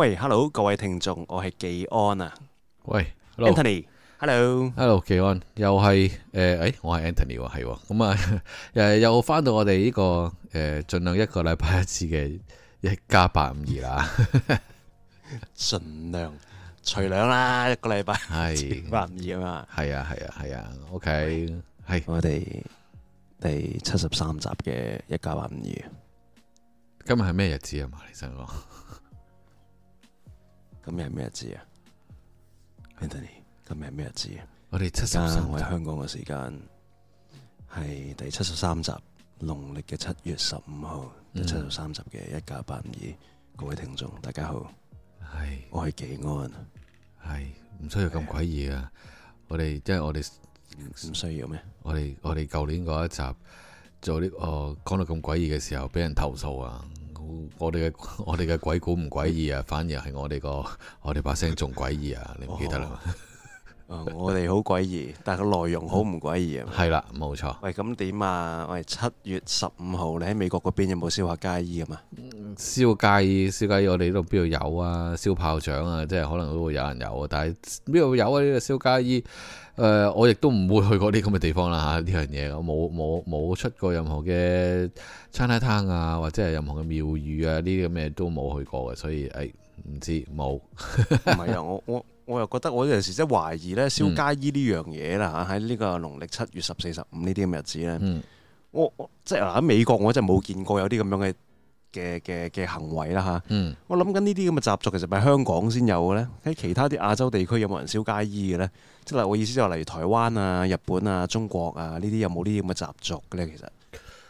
喂，Hello，各位聽眾，我係紀安啊。喂，Anthony，Hello，Hello，h e l l o 紀安，又係誒誒，我係 Anthony，係、哦、咁啊，誒、哦、 又翻到我哋呢、這個誒盡、呃、量一個禮拜一次嘅一加八五二啦，盡 量除兩啦， 一個禮拜一加八五二啊嘛，係啊係啊係啊，啊，OK，係喂是我哋第七十三集嘅一加八五二，今日係咩日子啊？馬先生。今日係咩日子啊？Anthony，今日係咩日子啊？Anthony, 子啊我哋哋七十三，我香港嘅時間係第七十三集，農曆嘅七月十五號，第七十三集嘅一家八五二，嗯、各位聽眾大家好，係是我係紀安，係唔需要咁詭異啊。是我哋即係我哋唔需要咩？我哋我哋舊年嗰一集做呢個講到咁詭異嘅時候，俾人投訴啊！我哋嘅我哋嘅鬼故唔詭異啊，反而係我哋個我哋把聲仲詭異啊， 你唔記得啦、 嗯？我哋好詭異，但個內容好唔詭異啊。係啦，冇錯。喂，咁點啊？喂，七月十五號你喺美國嗰邊有冇燒下街衣啊？嘛、嗯，燒街衣，燒街衣，我哋呢度邊度有啊？燒炮仗啊，即係可能都會有人有，但係邊度有啊？呢個燒街衣。誒、呃，我亦都唔會去過啲咁嘅地方啦嚇，呢樣嘢我冇冇冇出過任何嘅餐廳啊，或者係任何嘅廟宇啊，呢啲咁嘅都冇去過嘅，所以誒唔、哎、知冇。唔係啊，我我我又覺得我有陣時即係懷疑咧燒街衣呢樣嘢啦嚇，喺呢、嗯啊、個農曆七月十四十五呢啲咁日子咧、嗯，我即係喺美國我真係冇見過有啲咁樣嘅。嘅嘅嘅行為啦嚇，嗯、我諗緊呢啲咁嘅習俗其實咪香港先有嘅咧，喺其他啲亞洲地區有冇人燒街衣嘅咧？即係我意思就例如台灣啊、日本啊、中國啊呢啲有冇呢啲咁嘅習俗咧？其實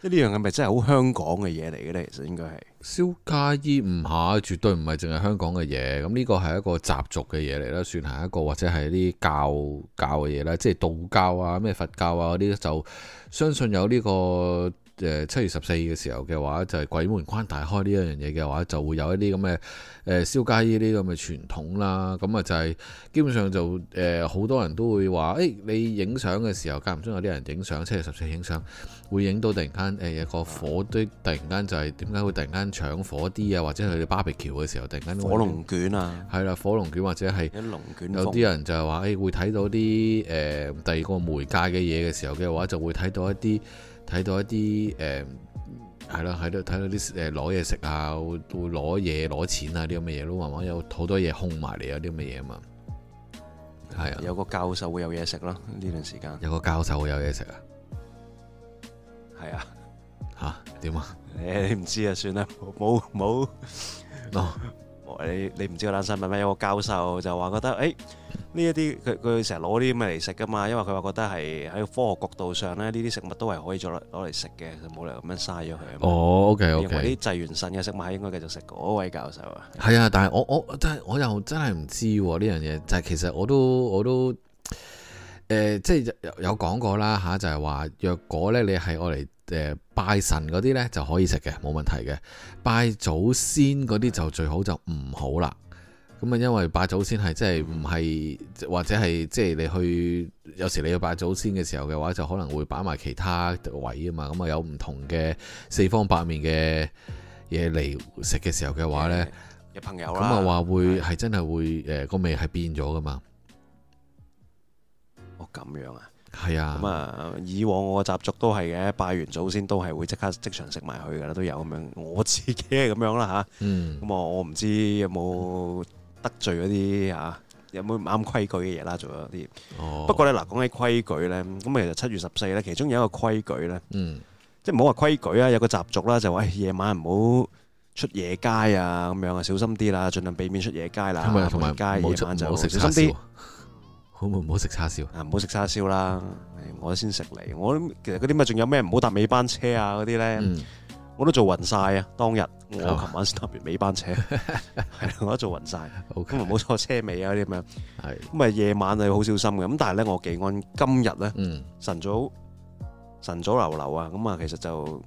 即呢樣係咪真係好香港嘅嘢嚟嘅咧，其實應該係燒街衣唔係絕對唔係淨係香港嘅嘢，咁呢個係一個習俗嘅嘢嚟啦，算係一個或者係啲教教嘅嘢啦，即係道教啊、咩佛教啊嗰啲就相信有呢、呢個。誒七、呃、月十四嘅時候嘅話，就係、是、鬼門關大開呢樣嘢嘅話，就會有一啲咁嘅誒燒街呢啲咁嘅傳統啦。咁啊就係、是、基本上就誒好、呃、多人都會話，誒、欸、你影相嘅時候，間唔中有啲人影相，七月十四影相，會影到突然間誒、呃、一個火堆，突然間就係點解會突然間搶火啲啊？或者係佢哋芭比橋嘅時候，突然間火龍捲啊，係啦，火龍捲或者係有啲人就係話，誒、欸、會睇到啲誒、呃、第二個媒介嘅嘢嘅時候嘅話，就會睇到一啲。睇到一啲誒，係、嗯、啦，喺度睇到啲誒攞嘢食啊，會攞嘢攞錢啊，啲咁嘅嘢咯，都慢慢有好多嘢空埋嚟有啲咁嘅嘢啊嘛，係啊、嗯，有個教授會有嘢食咯，呢段時間有個教授會有嘢食啊，係的啊，吓，點啊？誒你唔知啊，算啦，冇冇，哦 No.，你你唔知嗰單新聞咩？有個教授就話覺得誒。欸呢一啲佢佢成日攞啲咩嚟食噶嘛，因為佢話覺得係喺科學角度上咧，呢啲食物都係可以再攞嚟食嘅，冇理由咁樣嘥咗佢啊。哦、oh，OK OK。認為啲祭完神嘅食物應該繼續食嗰位教授啊？係 啊，但係我我但係我又真係唔知呢樣嘢，就係、是、其實我都我都誒、呃、即係有講過啦吓、啊，就係、是、話若果咧你係用嚟誒拜神嗰啲咧就可以食嘅，冇問題嘅；拜祖先嗰啲就最好就唔好啦。咁啊，因為拜祖先係真係唔係或者係即係你去有時你去拜祖先嘅時候嘅話，就可能會擺埋其他位啊嘛。咁啊，有唔同嘅四方八面嘅嘢嚟食嘅時候嘅話呢，嘅朋友咁啊話會係、嗯、真係會誒個味係變咗噶嘛。哦，咁樣啊，係啊。咁啊，以往我嘅習俗都係嘅，拜完祖先都係會即刻即場食埋佢噶啦，都有咁樣。我自己係咁樣啦、啊、嚇。嗯。咁啊，我唔知有冇。得罪嗰啲嚇，有冇唔啱規矩嘅嘢啦？做咗啲，不過咧嗱，講起規矩咧，咁其實七月十四咧，其中有一個規矩咧，即係唔好話規矩啊，有個習俗啦，就話夜晚唔好出夜街啊，咁樣啊，小心啲啦，盡量避免出夜街啦，同埋唔好食唔好食叉燒，好唔好唔好食叉燒啊？唔好食叉燒啦，我先食你，我其實嗰啲乜仲有咩唔好搭尾班車啊嗰啲咧。我都做暈晒啊！當日我琴晚先搭完尾班車，係，我都做暈晒。咁啊，冇錯，坐車尾啊啲咁樣。係咁啊，夜晚啊要好小心嘅。咁但係咧，我幾安？今日咧，晨早晨早流流啊，咁啊，其實就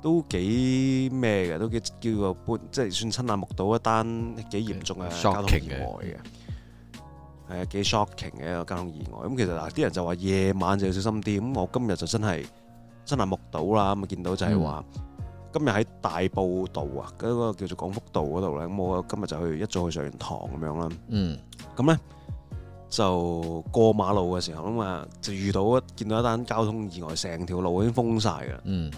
都幾咩嘅，都叫叫做即係算親眼目睹一單幾嚴重嘅交通意外嘅。係啊，幾 shocking 嘅一個交通意外。咁其實啲人就話夜晚就要小心啲。咁我今日就真係真係親眼目睹啦。咁啊，見到就係話。今日喺大埔道啊，嗰個叫做廣福道嗰度咧，咁我今日就去一早去上完堂咁樣啦。嗯，咁咧就過馬路嘅時候，咁啊就遇到一見到一單交通意外，成條路已經封曬㗎。嗯，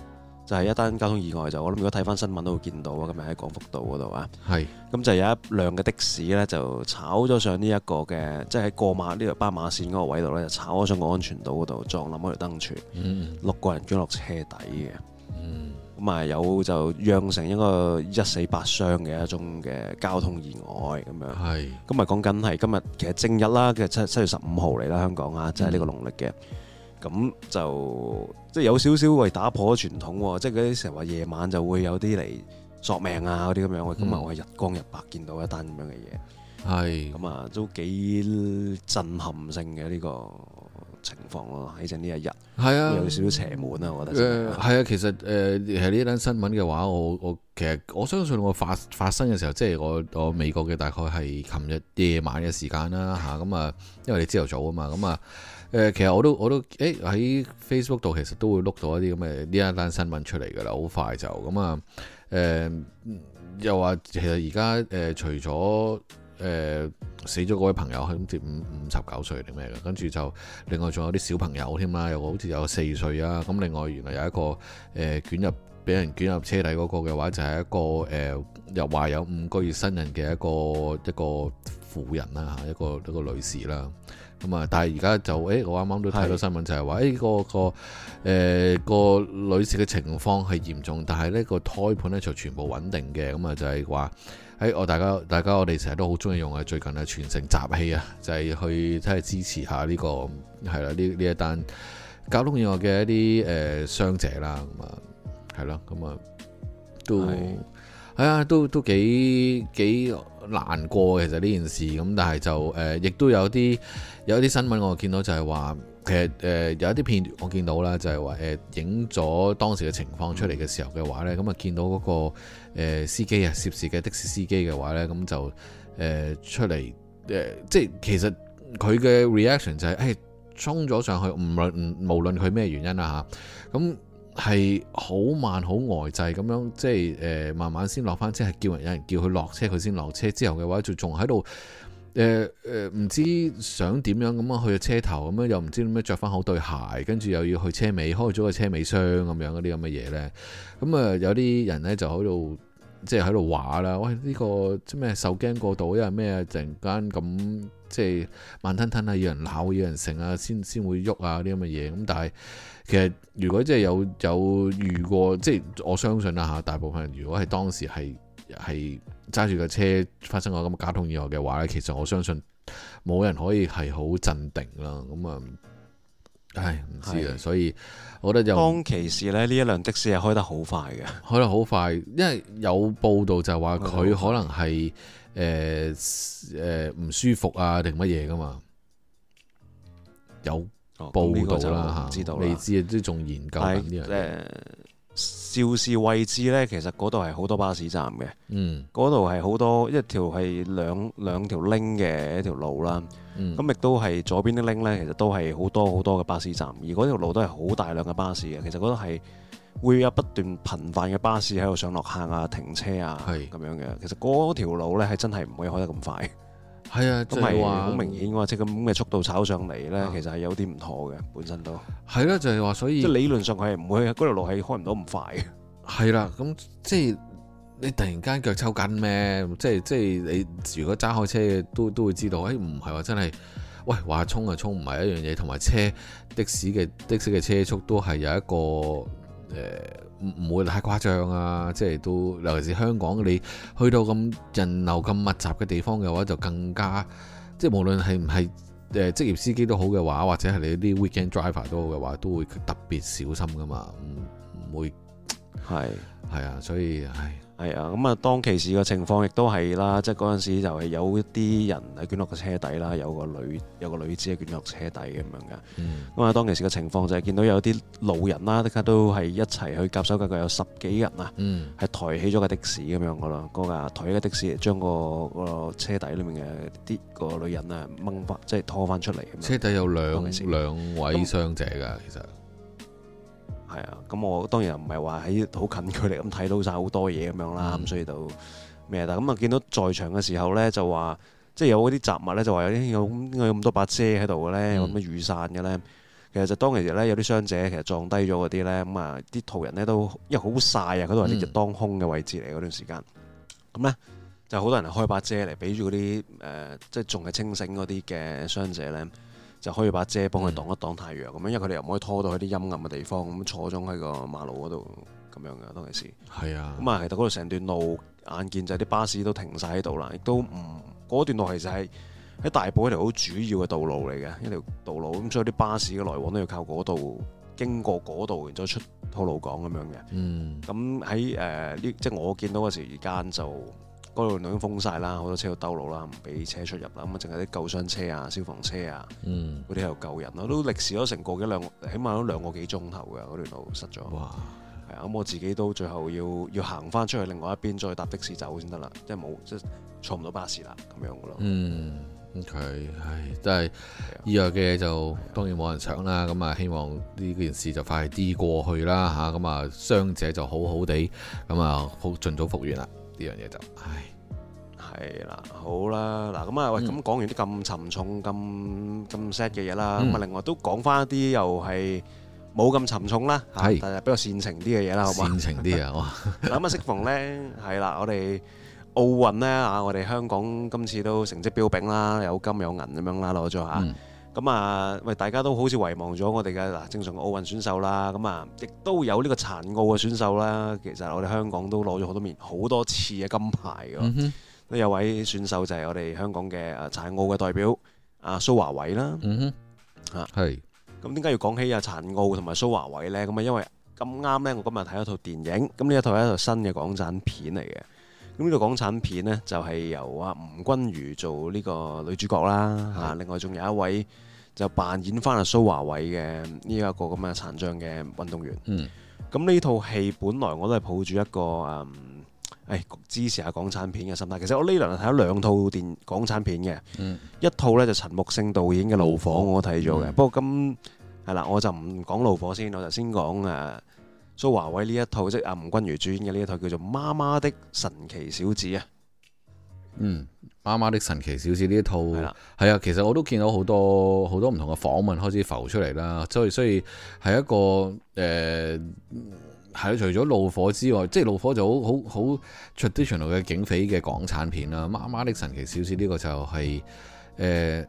就係一單交通意外，就我諗如果睇翻新聞都會見到啊。今日喺廣福道嗰度啊，係是。咁就有一輛嘅的，的士咧，這個就是這個，就炒咗上呢一個嘅，即係喺過馬呢條斑馬線嗰個位度咧，就炒咗上個安全島嗰度撞冧嗰條燈柱，六、嗯、個人跌落車底嘅。嗯。嗯咁啊有就釀成一個一死八傷嘅一宗嘅交通意外咁樣，咁啊講緊係今日其實正日啦，其實七七月十五號嚟啦，香港啊，即係呢個農曆嘅，咁、嗯、就即係有少少為打破傳統喎，即係嗰啲成日話夜晚就會有啲嚟索命啊嗰啲咁樣，嗯、我今日我係日光日白見到一單咁樣嘅嘢，係咁啊都幾震撼性嘅呢、呢個。情況咯，呢陣呢一日係啊，有少少邪門啊，我覺得。誒，係啊，其實誒，其實呢單新聞嘅話，我我其實我相信我發發生嘅時候，即、就、係、是、我我美國嘅大概係琴日夜晚嘅時間啦，吓咁啊，因為你朝頭早啊嘛，咁啊，誒，其實我都我都誒喺 Facebook 度，欸、其實都會碌到一啲咁嘅呢一單新聞出嚟噶啦，好快就咁啊，誒、呃，又話其實而家誒，除咗誒、呃、死咗嗰位朋友，好似五五十九歲定咩嘅，跟住就另外仲有啲小朋友添啦，又好似有四歲啊。咁另外原來有一個誒捲、呃、入俾人捲入車底嗰個嘅話，就係、是、一個誒、呃、又話有五個月身孕嘅一個一個婦人啦嚇，一個一個女士啦。咁啊，但係而家就誒、欸、我啱啱都睇到新聞，的就係話誒個個誒、呃、女士嘅情況係嚴重，但係呢個胎盤咧就全部穩定嘅，咁啊就係、是、話。喺我大家，大家我哋成日都好中意用啊！最近啊，全城集氣啊，就係去睇下支持下呢個係啦，呢呢一單交通意外嘅一啲誒傷者啦，咁啊係咯，咁啊都係是的 啊，都都幾幾難過嘅，其實呢件事咁，但係就誒，亦都有啲有啲新聞我見到就係話。其實誒、呃、有一啲片段我見到啦，就係話誒影咗當時嘅情況出嚟嘅時候嘅話呢。咁啊見到嗰、嗰個、呃、司機啊涉事嘅的，的士司機嘅話呢，咁、嗯、就誒、呃、出嚟誒、呃，即係其實佢嘅 reaction 就係誒衝咗上去，唔論唔無論佢咩原因啦，咁係好慢好呆滯咁樣，即係誒、呃、慢慢先落翻車，係叫人有人叫佢落車，佢先落車，之後嘅話就仲喺度。誒誒，唔知想點樣咁啊？去個車頭咁樣，又唔知點樣着翻好對鞋，跟住又要去車尾開咗個車尾箱咁樣嗰啲咁嘅嘢呢。咁啊，有啲人呢，就喺度即係喺度話啦，喂，呢個即咩受驚過度，因為咩啊？突然間咁即係慢吞吞啊，有人鬧，有人成啊，先先會喐啊啲咁嘅嘢。咁但係其實如果即係有有遇過，即係我相信啦嚇，大部分人如果係當時係係。揸住架車發生我咁嘅交通意外嘅話咧，其實我相信冇人可以係好鎮定啦。咁啊，唉，唔知啊。的所以我覺得有當其時咧，呢一輛的士係開得好快嘅，開得好快，因為有報道就係話佢可能係誒誒唔舒服啊定乜嘢㗎嘛，有報道啦吓，未、哦、知都仲研究緊呢樣嘢。啊肇事位置呢，其實嗰度係好多巴士站嘅，嗰度係好多一條係兩兩條 link 嘅一條路啦，咁亦都係左邊啲 link 呢，其實都係好多好多嘅巴士站，而嗰條路都係好大量嘅巴士嘅，其實嗰度係會有不斷頻繁嘅巴士喺度上落客啊、停車啊咁是樣嘅，其實嗰條路呢，係真係唔可以開得咁快。係啊，即係話好明顯嘅話，即咁嘅速度炒上嚟咧，其實係有啲唔妥嘅本身都係啦、啊，就係、是、話所以即理論上係唔會嗰條路係開唔到咁快嘅。係啦、啊，咁即係你突然間腳抽筋咩？即係即係你如果揸開車都都會知道，誒唔係話真係喂話衝就衝唔係一樣嘢，同埋車的士嘅的，的士嘅車速都係有一個誒。呃唔唔會太誇張啊！即係都尤其是香港，你去到咁人流咁密集嘅地方嘅話，就更加即係無論係唔係誒職業司機都好嘅話，或者係你啲 weekend driver 都好嘅話，都會特別小心噶嘛，唔唔會係係係啊，所以唉。係啊，咁、嗯、啊當其時個情況亦都係啦，即係嗰陣時就係有一啲人係捲落個車底啦，有個女有個女子係捲落車底咁樣嘅。咁啊、嗯、當其時嘅情況就係見到有啲老人啦，即刻都係一齊去夾手夾腳，有十幾人啊，係抬起咗架的士咁樣噶咯，嗰、那、架、個、抬起架的士將、那個、那個車底裡面嘅啲、那個女人啊掹翻，即係拖翻出嚟。車底有兩兩位傷者㗎，嗯、其實。係啊，咁我當然唔係話喺好近距離咁睇到晒好多嘢咁樣啦，咁、嗯、所以就咩啦？咁啊見到在場嘅時候咧，就話即係有嗰啲雜物咧，就話有啲有咁多把遮喺度嘅咧，有咁嘅雨傘嘅咧？嗯、其實就當其時咧，有啲傷者其實撞低咗嗰啲咧，咁啊啲途人咧都因為好曬啊，佢都係烈日當空嘅位置嚟嗰段時間，咁咧、嗯、就好多人開把遮嚟俾住嗰啲誒，即係仲係清醒嗰啲嘅傷者咧。就可以把遮幫佢擋一擋太陽咁樣，嗯、因為佢哋又唔可以拖到去啲陰暗嘅地方咁坐咗喺個馬路嗰度咁樣嘅，當其時係是啊，咁啊其實嗰度成段路眼見就係啲巴士都停晒喺度啦，亦都唔過、嗯、段路其實係喺大埔一條好主要嘅道路嚟嘅一條道路，咁所以啲巴士嘅來往都要靠嗰度經過嗰度，然之後出吐露港咁樣嘅。嗯，咁喺誒呢，即係我見到嘅時間就。嗰段路已經封晒啦，好多車都兜路啦，唔俾車出入啦。咁啊，淨係啲救傷車啊、消防車啊，嗰啲喺度救人咯。都、嗯、歷時咗成個幾兩，起碼都兩個幾鐘頭嘅嗰段路塞咗。哇嘩！係啊，咁我自己都最後要要行翻出去另外一邊，再搭的士走先得啦，即係冇即係坐唔到巴士啦，咁樣嘅咯。嗯，OK，唉，真係意外嘅嘢就當然冇人想啦。咁啊，希望呢件事就快啲過去啦嚇。咁啊，傷者就好好地，咁啊，好盡早復原啦。呢樣嘢就，唉，係啦，好啦，嗱咁啊，喂、嗯，咁講完啲咁沉重、咁咁 sad 嘅嘢啦，咁啊，嗯、另外都講翻一啲又係冇咁沉重啦，係是，但係比較煽情啲嘅嘢啦，好嘛？煽情啲啊，哇、 嗯！咁啊，適逢咧係啦，我哋奧運咧嚇，我哋香港今次都成績彪炳啦，有金有銀咁樣啦，攞咗嚇。咁啊，喂、嗯！大家都好似遺忘咗我哋嘅嗱，正常嘅奧運選手啦。咁、嗯、啊，亦都有呢個殘奧嘅選手啦。其實我哋香港都攞咗好多面好多次嘅金牌嘅。都、嗯、哼有位選手就係我哋香港嘅啊殘奧嘅代表阿、啊、蘇華偉啦。嚇係、嗯哼。咁點解要講起啊殘奧同埋蘇華偉呢？咁啊，因為咁啱呢，我今日睇咗套電影，咁呢一套係一套新嘅港產片嚟嘅。咁呢個港產片呢，就係由阿吳君如做呢個女主角啦。嚇的，另外仲有一位。就扮演翻阿蘇樺偉嘅呢一個咁嘅殘障嘅運動員。嗯，咁呢套戲本來我都係抱住一個誒、嗯哎、支持下港產片嘅心態。其實我呢輪係睇咗兩套電港產片嘅，嗯、一套呢就陳木勝導演嘅《怒火、哦》我睇咗嘅。嗯、不過咁係啦，我就唔講《怒火》先，我就先講誒蘇樺偉呢一套，即係阿吳君如主演嘅呢一套叫做《媽媽的神奇小子》啊。嗯，媽媽的神奇小事呢一套係啦，係啊，其實我都見到好多好多唔同嘅訪問開始浮出嚟啦，所以所以係一個誒係啦，除咗怒火之外，即係怒火就好好好 traditional 嘅警匪嘅港產片啦。媽媽的神奇小事呢個就係，誒，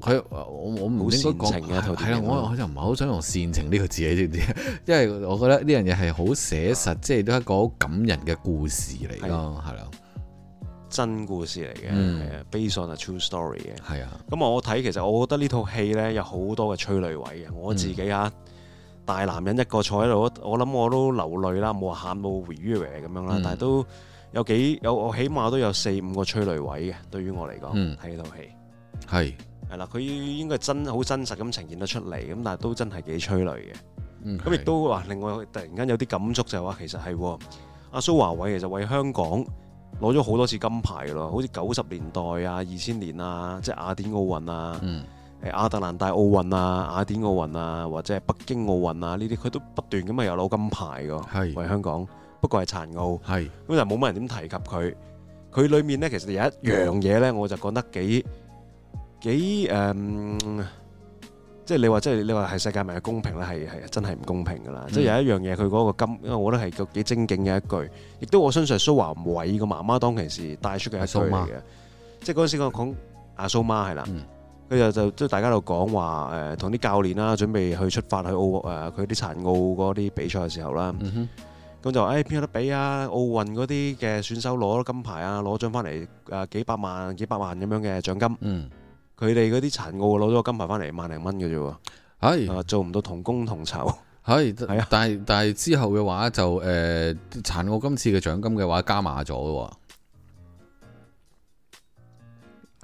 佢我我唔應該講係啦，我我我就唔係好想用煽情呢個字，你知唔知？因為我覺得呢樣嘢係好寫實，即係都係一個好感人嘅故事嚟咯，係啦。真故事嚟嘅，係啊、嗯、based on a true story 嘅，係啊。咁我睇，其實我覺得呢套戲咧有好多嘅催淚位嘅。我自己吓、啊、大男人一個坐喺度，我我諗我都流淚啦，冇話喊到 weary 咁樣啦。嗯、但係都有幾有，我起碼都有四五個催淚位嘅。對於我嚟講，睇呢套戲係係啦，佢應該真好真實咁呈現得出嚟。咁但係都真係幾催淚嘅。咁亦是都話，另外突然間有啲感觸就係、是、話，其實係阿蘇華偉其實為香港，攞咗好多次金牌㗎咯，好似九十年代啊、二千年啊、即係雅典奧運啊、誒、嗯、亞特蘭大奧運啊、雅典奧運啊，或者係北京奧運啊呢啲，佢都不斷咁啊有攞金牌㗎。係香港不過係殘奧，咁就冇乜人點提及佢。佢裏面呢，其實有一樣嘢呢，我就覺得幾幾誒。即係你話，即係你話係世界名嘅公平咧，係係真係唔公平噶啦！即係有一樣嘢，佢嗰個金，因為我覺得係幾精警嘅一句，亦都我相信蘇樺偉個媽媽當其時帶出嘅一句嚟嘅。即係嗰陣時講阿蘇媽係啦，佢就就都大家就講話誒，同啲教練啦，準備去出發去澳、誒，佢啲殘奧嗰啲比賽嘅時候啦。咁就誒，邊有得比啊？奧運嗰啲嘅選手攞咗金牌啊，攞獎翻嚟、誒，幾百萬、幾百萬咁樣嘅獎金。佢哋嗰啲殘奧攞咗個金牌翻嚟，萬零蚊嘅啫喎，做唔到同工同酬，係係啊，但係但係之後嘅話就誒、呃、殘奧今次嘅獎金嘅話加碼咗嘅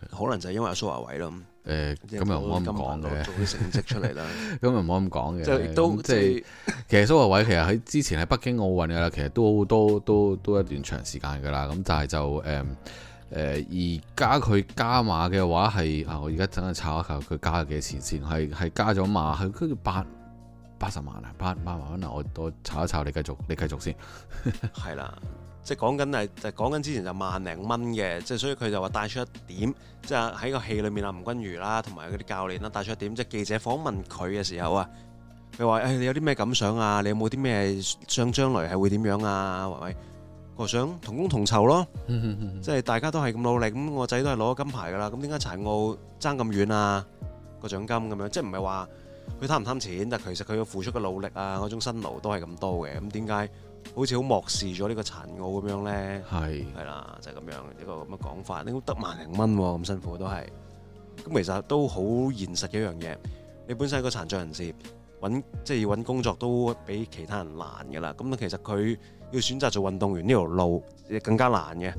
喎，可能就係因為阿蘇華偉咯，誒咁又唔好咁講嘅，做成績出嚟啦，咁又唔好咁講嘅，即都即係其實蘇華偉其實喺之前喺北京奧運嘅啦，其實都好多都都一段長時間嘅啦，咁但係就誒。嗯誒而家佢加碼嘅話係啊，我而家等下查一下佢加咗幾多錢先？係係加咗碼，係跟住八八十萬啊，八萬蚊啊！我多查一查你繼續，你繼續先。係 啦，即係講緊係，講緊之前就萬零蚊嘅，即係所以佢就話帶出一點，即係喺個戲裏面啊，吳君如啦，同埋嗰啲教練啦，帶出一點，即係記者訪問佢嘅時候啊，佢話誒你有啲咩感想啊？你有冇啲咩想將來係會點樣啊？維維。我想同工同酬咯，即係大家都係咁努力，咁我仔都係攞咗金牌噶啦，咁點解殘奧爭咁遠啊，個獎金咁樣？即係唔係話佢貪唔貪錢，但係其實佢要付出嘅努力啊，嗰種辛勞都係咁多嘅。咁點解好似好漠視咗呢個殘奧咁樣咧？係係啦，就係咁樣一個咁嘅講法。你得萬零蚊咁辛苦都係，咁其實都好現實嘅一樣嘢。你本身係個殘障人士，揾即係要揾工作都比其他人難噶啦。咁其實佢。要選擇做運動員呢條路，更加難嘅。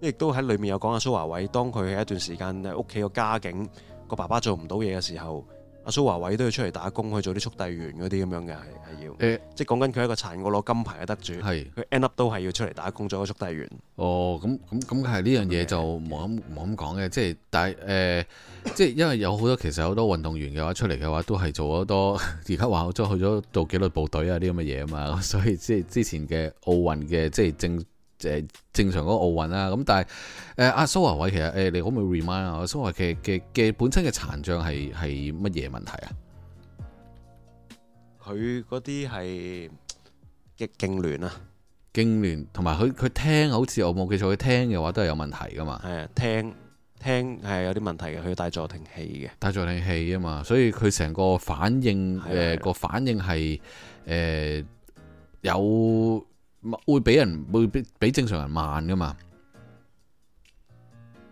亦都喺裏面有講阿蘇樺偉，當佢喺一段時間，屋企個家境個爸爸做唔到嘢嘅時候。阿蘇華偉都要出嚟打工去做啲速遞員嗰啲咁樣嘅，係係要，欸、即係講緊佢係一個殘奧攞金牌嘅得主，佢 end up 都係要出嚟打工做個速遞員。哦，咁咁咁係呢樣嘢就冇咁冇咁講嘅，即係但係誒、呃，即係因為有好多其實好多運動員嘅話出嚟嘅話都係做咗多，而家話好，即係去咗做紀律部隊啊啲咁嘅嘢啊嘛，所以即係之前嘅奧運嘅即係正。誒正常嗰個奧運啦，咁但係誒阿蘇華偉其實誒，你可唔可以 remind 阿蘇華偉嘅嘅嘅本身嘅殘障係係乜嘢問題啊？佢嗰啲係嘅痙攣啊，痙攣同埋佢佢聽好似我冇記錯，佢聽嘅話都係有問題㗎嘛。係啊，聽聽係有啲問題嘅，佢要戴助聽器嘅。戴助聽器啊嘛，所以佢成個反應誒個、呃、反應係誒、呃、有。會俾人會比比正常人慢噶嘛？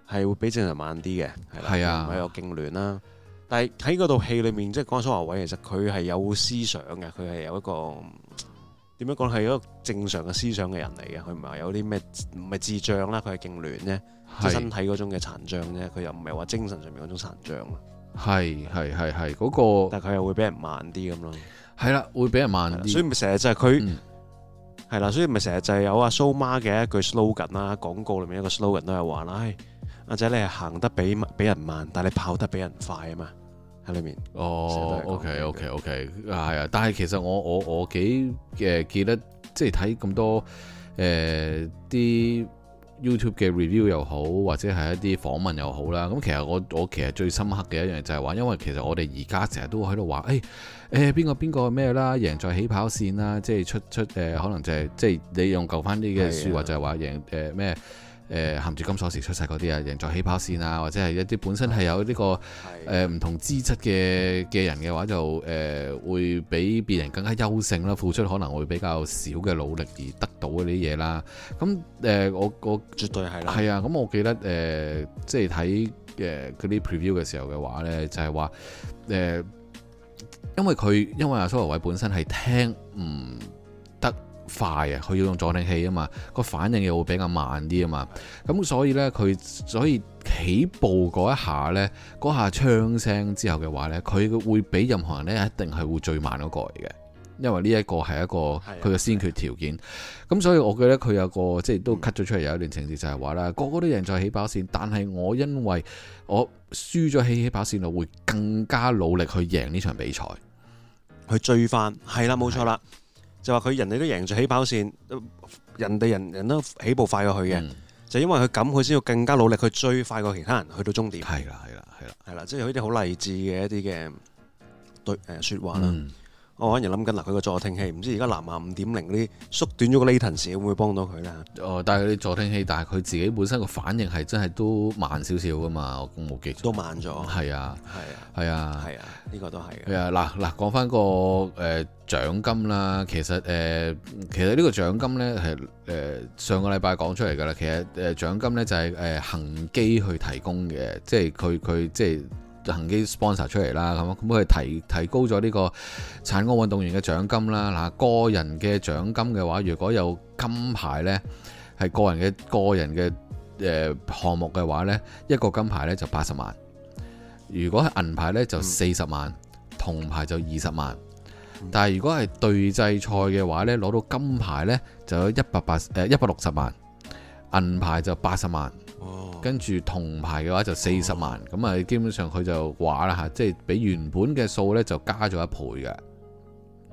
係會比正常人慢啲嘅，係啊，唔係的有痙攣啦。但係喺嗰套戲裏面，即係關楚華偉，其實佢係有思想嘅，佢係有一個點樣講，係一個正常嘅思想嘅人嚟嘅。佢唔係話有啲咩唔係智障啦，佢係痙攣啫，的身體嗰種嘅殘障啫。佢又唔係話精神上面嗰種殘障啊。係係係係嗰個，的但係佢又會俾人慢啲咁咯。係啦，會俾人慢，所以咪成日就係佢。嗯係啦，所以咪成日就係有阿蘇媽嘅一句 slogan 啦，廣告裏面一個 slogan 都係話啦，阿仔你係行得比比人慢，但係你跑得比人快啊嘛，喺裏面。哦，哦，OK OK OK，係啊，但係其實我我我幾誒、呃、記得，即係睇咁多誒啲、呃、YouTube 嘅 review 又好，或者係一啲訪問又好啦。咁其實我我其實最深刻嘅一樣就係話，因為其實我哋而家成日都喺度話，誒、哎。誒邊個邊個咩啦？贏在起跑線啦，即係出出誒、呃，可能就係、是、即係你用舊翻啲嘅説話，就係話贏誒咩誒含住金鎖匙出世嗰啲啊，贏在起跑線啊，或者係一啲本身係有呢、這個誒唔的、呃、同資質嘅嘅人嘅話，就誒、呃、會比別人更加優勝啦，付出可能會比較少嘅努力而得到嗰啲嘢啦。咁誒、呃，我我絕對係啦。係啊，咁我記得誒、呃，即係睇誒嗰啲 preview 嘅時候嘅話咧，就係話誒。呃嗯嗯。因為佢，因為阿蘇樺偉本身係聽唔得快啊，佢要用助聽器啊嘛，個反應又會比較慢啲啊嘛，咁所以呢，佢，所以起步嗰一下呢，嗰下槍聲之後嘅話呢，佢會比任何人呢，一定係會最慢一個嚟嘅。因為呢一個係一個佢嘅先決條件，咁所以我記得佢有個即係都 cut 咗出嚟有一段情節就係話啦，個個都贏在起跑線，但係我因為我輸咗起起跑線，就會更加努力去贏呢場比賽，去追翻係啦，冇錯啦，就話佢人哋都贏在起跑線，人哋人人都起步快過佢嘅，就因為佢咁，佢先要更加努力去追快過其他人去到終點，係啦係啦係啦，係啦，即係一啲好勵志嘅一啲嘅對誒說話啦。我反而諗緊嗱，佢個助聽器，唔知而家藍牙五點零呢啲縮短咗個 latency 會唔會幫到佢咧？哦，但係佢啲助聽器，但係佢自己本身個反應係真係都慢少少噶嘛，我公務機。都慢咗。係啊。係啊。係啊。係啊，呢個都係。係啊，嗱嗱、啊啊，講翻個誒獎、呃、金啦，其實誒、呃，其實呢個獎金咧係誒上個禮拜講出嚟噶啦，其實誒獎、呃、金咧就係誒恒基去提供嘅，即係佢佢即係。恒基 sponsor 出嚟啦，咁咁佢提提高咗呢個殘奧運動員嘅獎金啦。嗱，個人嘅獎金嘅話，如果有金牌呢，係個人嘅個人嘅誒項目嘅話咧，一個金牌呢就八十萬；如果係銀牌呢，就四十萬，銅牌就二十萬。但係如果係對摺賽嘅話呢攞到金牌呢，就有一百八誒一百六十萬，銀牌就八十萬。跟住銅牌嘅話就四十萬，咁啊、哦嗯，基本上佢就話啦嚇，即係比原本嘅數呢就加咗一倍嘅。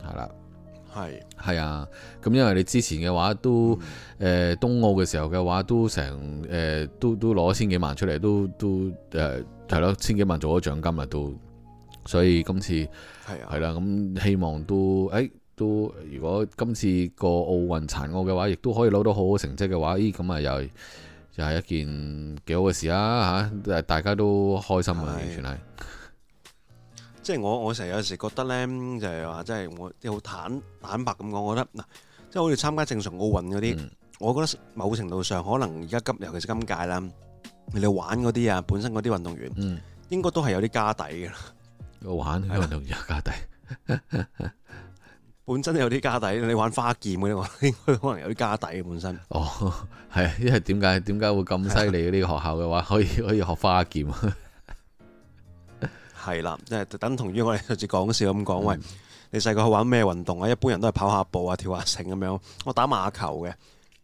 係啦，係係啊，咁因為你之前嘅話都誒東奧嘅時候嘅話都成誒、呃、都都攞千幾萬出嚟，都都誒係咯，千幾萬做咗獎金啊都，所以今次係係啦，咁的、嗯、希望都誒、哎、都如果今次個奧運殘奧嘅話，亦都可以攞到好好成績嘅話，咦咁啊又～就係一件幾好嘅事啦、啊、嚇，大家都開心啊，完的全係是。即係我我成日有時覺得呢，就係話即係我好坦坦白咁講，我覺得嗱，即、就、係、是、好似參加正常奧運嗰啲，嗯、我覺得某程度上可能而家今尤其是今屆啦，你玩嗰啲啊，本身嗰啲運動員、嗯、應該都係有啲家底嘅。玩嘅運動員有家，家底。的 本身有啲家底，你玩花劍嘅，我應該可能有啲家底本身。哦，係，因為點解點解會咁犀利呢個學校嘅話，可以可以學花劍？係 啦，即係等同於我哋上次講笑咁講，喂，你細個去玩咩運動啊？一般人都係跑下步啊、跳下繩咁樣。我打馬球嘅，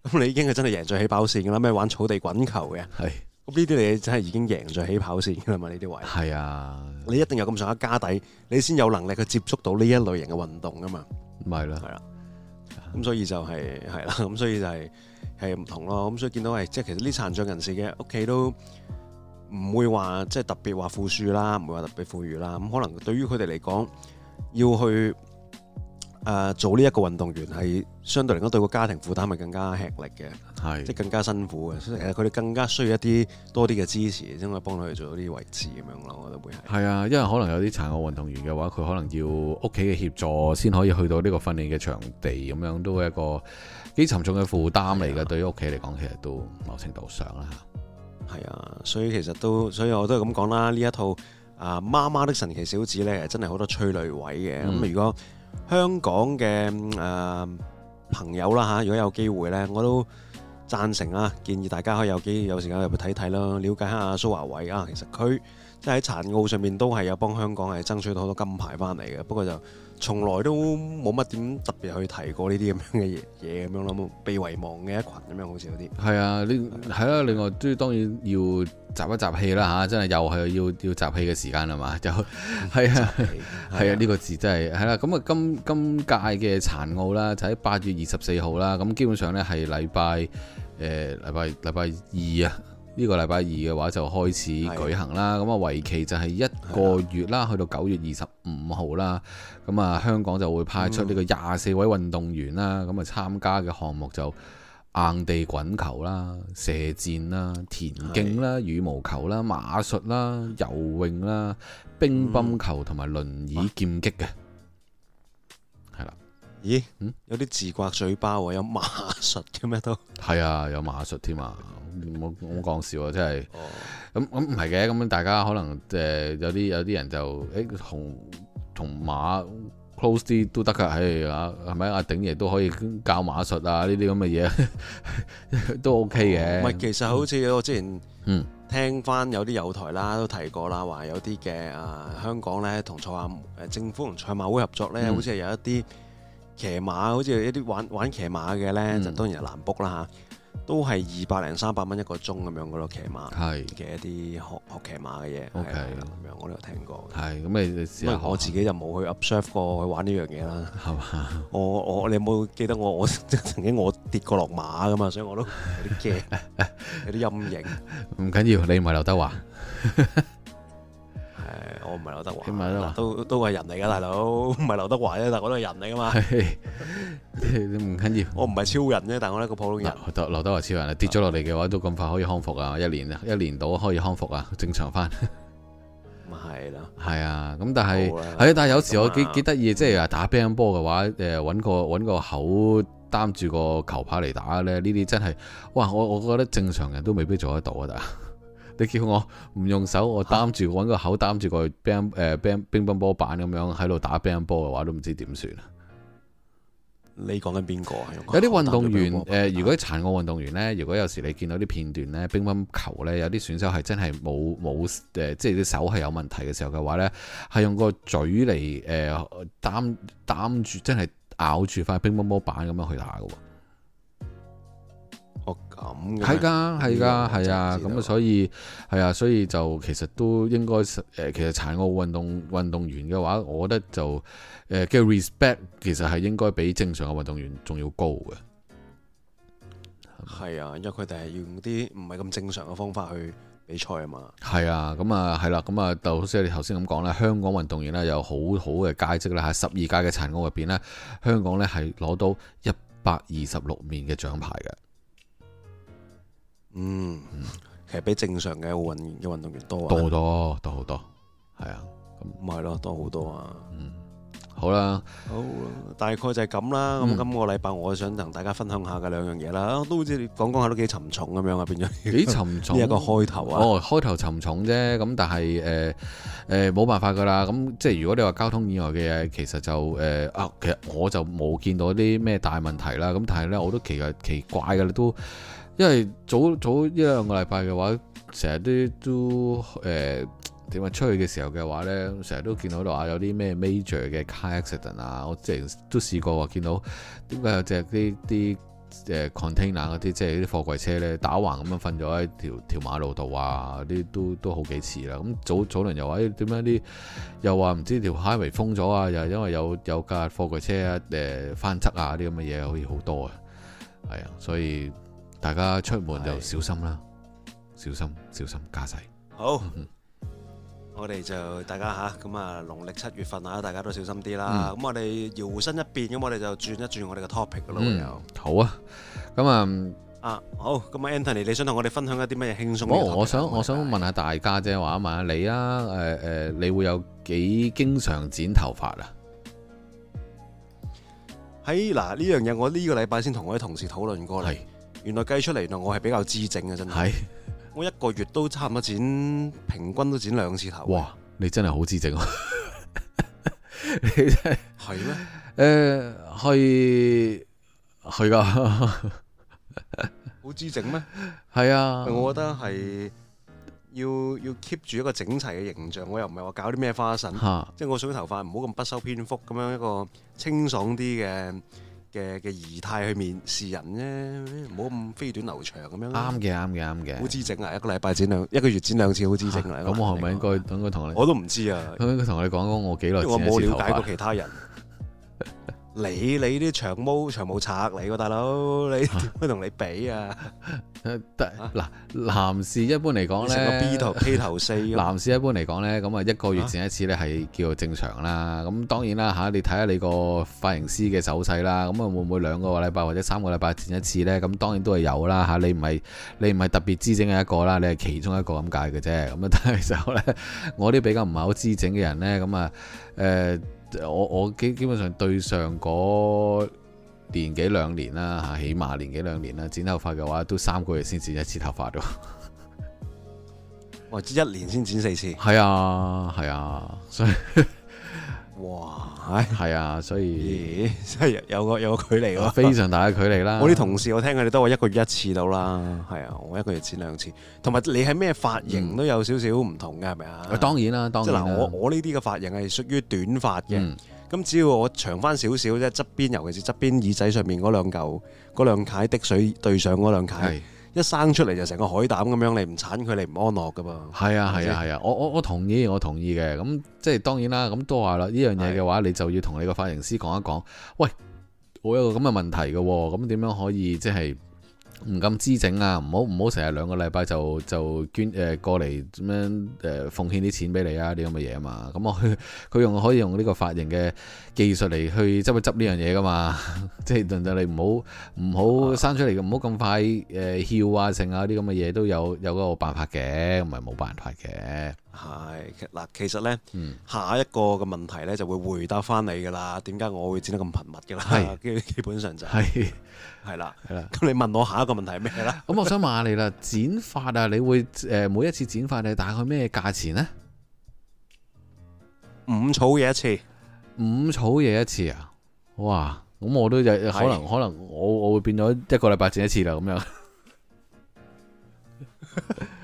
咁你已經係真係贏在起跑線噶啦。咩玩草地滾球嘅？係的。咁呢啲你真係已經贏在起跑線噶啦嘛？呢啲位。係啊的。你一定有咁上下家底，你先有能力去接觸到呢一類型嘅運動噶嘛？唔係啦，係啦，咁所以就係係啦，咁所以就係係唔同咯，咁所以見到係即係其實啲殘障人士嘅屋企都唔會話即係特別話富庶啦，唔會話特別富裕啦，咁可能對於佢哋嚟講要去。誒、呃、做呢一個運動員係相對嚟講對個家庭負擔係更加吃力嘅，係是即係更加辛苦嘅。其實佢哋更加需要一啲多啲嘅支持，先可以幫到佢做到啲維持咁樣咯。我覺得會係係啊，因為可能有啲殘奧運動員嘅話，佢可能要屋企嘅協助先可以去到呢個訓練嘅場地，咁樣都係一個幾沉重嘅負擔嚟嘅。啊、對於屋企嚟講，其實都某程度上啦，係啊，所以其實都所以我都係咁講啦。呢一套啊媽媽的神奇小子咧，真係好多催淚位嘅。咁如果香港嘅誒、呃、朋友啦嚇，如果有機會呢，我都贊成啦，建議大家可以有機有時間入去睇睇咯，了解下蘇華偉啊。其實佢即係喺殘奧上面都係有幫香港係爭取到好多金牌翻嚟嘅，不過就。從來都冇乜點特別去提過呢啲咁樣嘅嘢咁樣咯，被遺忘嘅一群，咁樣，好似有啲係啊，呢係啦，另外都當然要集一集氣啦吓，真係又係要要集氣嘅時間係嘛？就係氣啊，係啊，呢、啊啊、個字真係係啦，咁啊今今屆嘅殘奧啦，就喺八月二十四號啦，咁基本上咧係禮拜誒禮拜禮拜二啊。呢個禮拜二嘅話就開始舉行啦，咁啊為期就係一個月啦，的去到九月二十五號啦，咁啊的香港就會派出呢個廿四位運動員啦，咁啊參加嘅項目就硬地滾球啦、射箭啦、田徑啦、的羽毛球啦、馬術啦、游泳啦、乒乓球同埋輪椅劍擊嘅。咦，有啲自刮嘴巴，有馬術嘅咩？都係啊，有馬術添、哦、啊！我我講笑啊，真係咁咁唔係嘅咁。大家可能誒、呃、有啲有啲人就誒、欸、同同馬 close 啲都得噶，係、欸、啊，係咪阿鼎爺都可以教馬術啊？呢啲咁嘅嘢都 OK 嘅。唔係、嗯，其實好似我之前嗯聽翻有啲友台啦都提過啦，話有啲嘅啊香港咧同賽馬誒政府同賽馬會合作咧，嗯、好似係有一啲。騎馬好似一啲玩玩騎馬嘅咧，就、嗯、當然係難 book 啦吓，都係二百零三百蚊一個鐘咁樣噶咯。騎馬係嘅一啲學學騎馬嘅嘢，O K 咁樣我都有聽過。係咁你你自己就冇去 u p s h i f t 過去玩呢樣嘢啦，係嘛吧？我我你有冇記得我我曾經 我跌過落馬噶嘛？所以我都有啲驚， 有啲陰影。唔緊 要,要，你唔係劉德華。 我唔係劉德華，德華都都係人嚟噶大佬，唔係劉德華啫，但係我都係人嚟噶嘛。你唔緊要，我唔係超人啫，但我呢個普通人。 劉德華超人啊，跌咗落嚟嘅話，都咁快可以康復啊，一年一年到可以康復啊，正常返。咪係咯。係啊， 咁但係係的，但係有時我幾幾得意，即係啊打乒乓波嘅話，誒揾個揾個口擔住個球拍嚟打咧，呢啲真係哇！我我覺得正常人都未必做得到啊，得。 你叫我唔用手，我擔住揾個口擔住過去乒誒乒乒乓波板咁樣喺度打乒乓波嘅話，都唔知點算。你講緊邊個啊？乓乓有啲運動員誒，呃呃、如果殘奧運動員咧，如果有時你見到啲片段咧，乒乓，乓球咧有啲選手係真係冇冇誒，即係啲手係有問題嘅時候嘅話咧，係用個嘴嚟誒、呃、擔擔住，真係咬住塊乒乓波板咁樣去打㗎喎。咁係噶，係噶，係啊。咁啊，所以係啊，所以就其實都應該誒，其實殘奧運動運動員嘅話，我覺得就誒嘅 respect 其實係應該比正常嘅運動員仲要高嘅。係啊，因為佢哋係用啲唔係咁正常嘅方法去比賽啊嘛。係啊，咁啊係啦，咁啊就好似你頭先咁講啦，香港運動員呢有好好嘅佳績啦。喺十二屆嘅殘奧入邊呢，香港呢係攞到一百二十六面嘅獎牌嘅。嗯，其實比正常嘅奧運嘅運動員多多好多，多好多，係啊，咁咪係咯，多好多啊，好啦吧，好，大概就係咁啦。咁、嗯、今個禮拜我想同大家分享下嘅兩樣嘢啦，都好似你講講下都幾沉重咁樣啊，變咗幾、這個、沉重一個開頭啊，哦，開頭沉重啫，咁但係誒誒冇辦法噶啦，咁即係如果你話交通意外嘅嘢，其實就誒啊、呃，其實我就冇見到啲咩大問題啦，咁但係咧，我都其實奇怪噶，都。因為早早一兩個禮拜嘅話，成日都都誒點啊出去嘅時候嘅話咧，成日都見到度話有啲咩 major 嘅 car accident 啊，我之前都試過、呃 er、啊，見到點解有隻啲啲誒 container 嗰啲即係啲貨櫃車咧打橫咁樣瞓咗喺條條馬路度啊，啲都都好幾次啦。咁早早輪又話點樣啲，又話唔知條 highway 封咗啊，又係因為有有架貨櫃車誒、呃、翻側啊啲咁嘅嘢，好似好多啊。係啊，所以。所以大家出門就小心啦，的小心小心駕駛。加好， 我哋就大家吓咁啊，農曆七月份啊，大家都小心啲啦。咁、嗯、我哋搖身一變，咁我哋就轉一轉我哋嘅 topic 咯、嗯。了好啊，咁、嗯、啊啊好，咁啊 Anthony，你想同我哋分享一啲乜嘢輕鬆？我想我，我想問下大家啫，話啊嘛，你啊，誒、呃、誒、呃，你會有幾經常剪頭髮啊？喺嗱呢樣嘢，我呢個禮拜先同我啲同事討論過嚟。原來計出嚟，原來我係比較姿整嘅真係，是我一個月都差唔多剪，平均都剪兩次頭。哇，你真係好姿整啊！你真係係咩？誒，係係噶，好姿整咩？係啊，我覺得係要要 keep 住一個整齊嘅形象。我又唔係話搞啲咩花臣，即係的我梳啲頭髮唔好咁不修邊幅，咁樣一個清爽啲嘅。嘅嘅儀態去面試人啫，唔好咁飛短流長咁樣、啊。啱嘅，啱 嘅樂，啱嘅。好姿整啊！一個禮拜剪兩，一個月剪兩次好姿整啊！咁我係咪應該等佢同你？我都唔知啊！咁佢同你講講、啊、我幾耐、啊、冇了解過其他人。 你你啲長毛長毛賊嚟喎，大佬，你點會同你比啊？誒，嗱，男士一般嚟講呢，成個 B 頭四。 男士一般嚟講呢，咁啊一個月剪一次呢係叫做正常啦。咁、啊、當然啦嚇，你睇下你個髮型師嘅手勢啦。咁啊會唔會兩個個禮拜或者三個禮拜剪一次呢？咁當然都係有啦嚇。你唔係你唔係特別姿整嘅一個啦，你係其中一個咁解嘅啫。咁啊，但係就呢，我啲比較唔係好姿整嘅人呢。咁啊誒。呃我我基基本上對上嗰年幾兩年啦嚇，起碼年幾兩年啦，剪頭髮嘅話都三個月先剪一次頭髮咯。哇、 哦！一年先剪四次，係啊係啊，所以 哇！係，係、哎、啊，所以，即係有個有個距離咯、啊，非常大嘅距離啦。我啲同事，我聽佢哋都話一個月一次到啦。係、嗯、啊，我一個月剪兩次，同埋你係咩髮型都有少少唔同嘅，係咪、嗯、吧啊？當然啦，當然。嗱，我我呢啲嘅髮型係屬於短髮嘅，咁、嗯、只要我長翻少少啫，側邊，尤其是側邊耳仔上面嗰兩嚿，嗰兩嚿滴水對上嗰兩嚿。一生出嚟就成個海膽咁樣，你唔鏟佢，你唔安樂噶嘛？係啊，係啊，係啊，啊，我我我同意，我同意嘅。咁即係當然啦，咁都係啦。呢樣嘢嘅話，的你就要同你個髮型師講一講。喂，我有個咁嘅問題嘅，咁點樣可以即係？唔咁滋整啊！唔好唔好成日兩個禮拜就就捐誒、呃、過嚟咁樣誒奉獻啲錢俾你啊啲咁嘅嘢嘛！咁我佢用可以用呢個髮型嘅技術嚟去執一執呢樣嘢噶嘛！即 係你唔好唔好生出嚟唔好咁快誒翹啊剩啊啲咁嘅嘢都有有個辦法嘅，唔係冇辦法嘅。係嗱，其實呢，嗯、下一個嘅問題呢就會回答翻你噶啦。點解我會剪得咁頻密噶啦？是 基本上就係是。 係啦，係啦，咁你問我下一個問題係咩咧？咁 我想問下你啦，剪髮啊，你會誒每一次剪髮，你大概咩價錢呢？五草嘢一次，五草嘢一次啊！哇，咁我都有可能，是可能我我會變咗一個禮拜剪一次啦，咁樣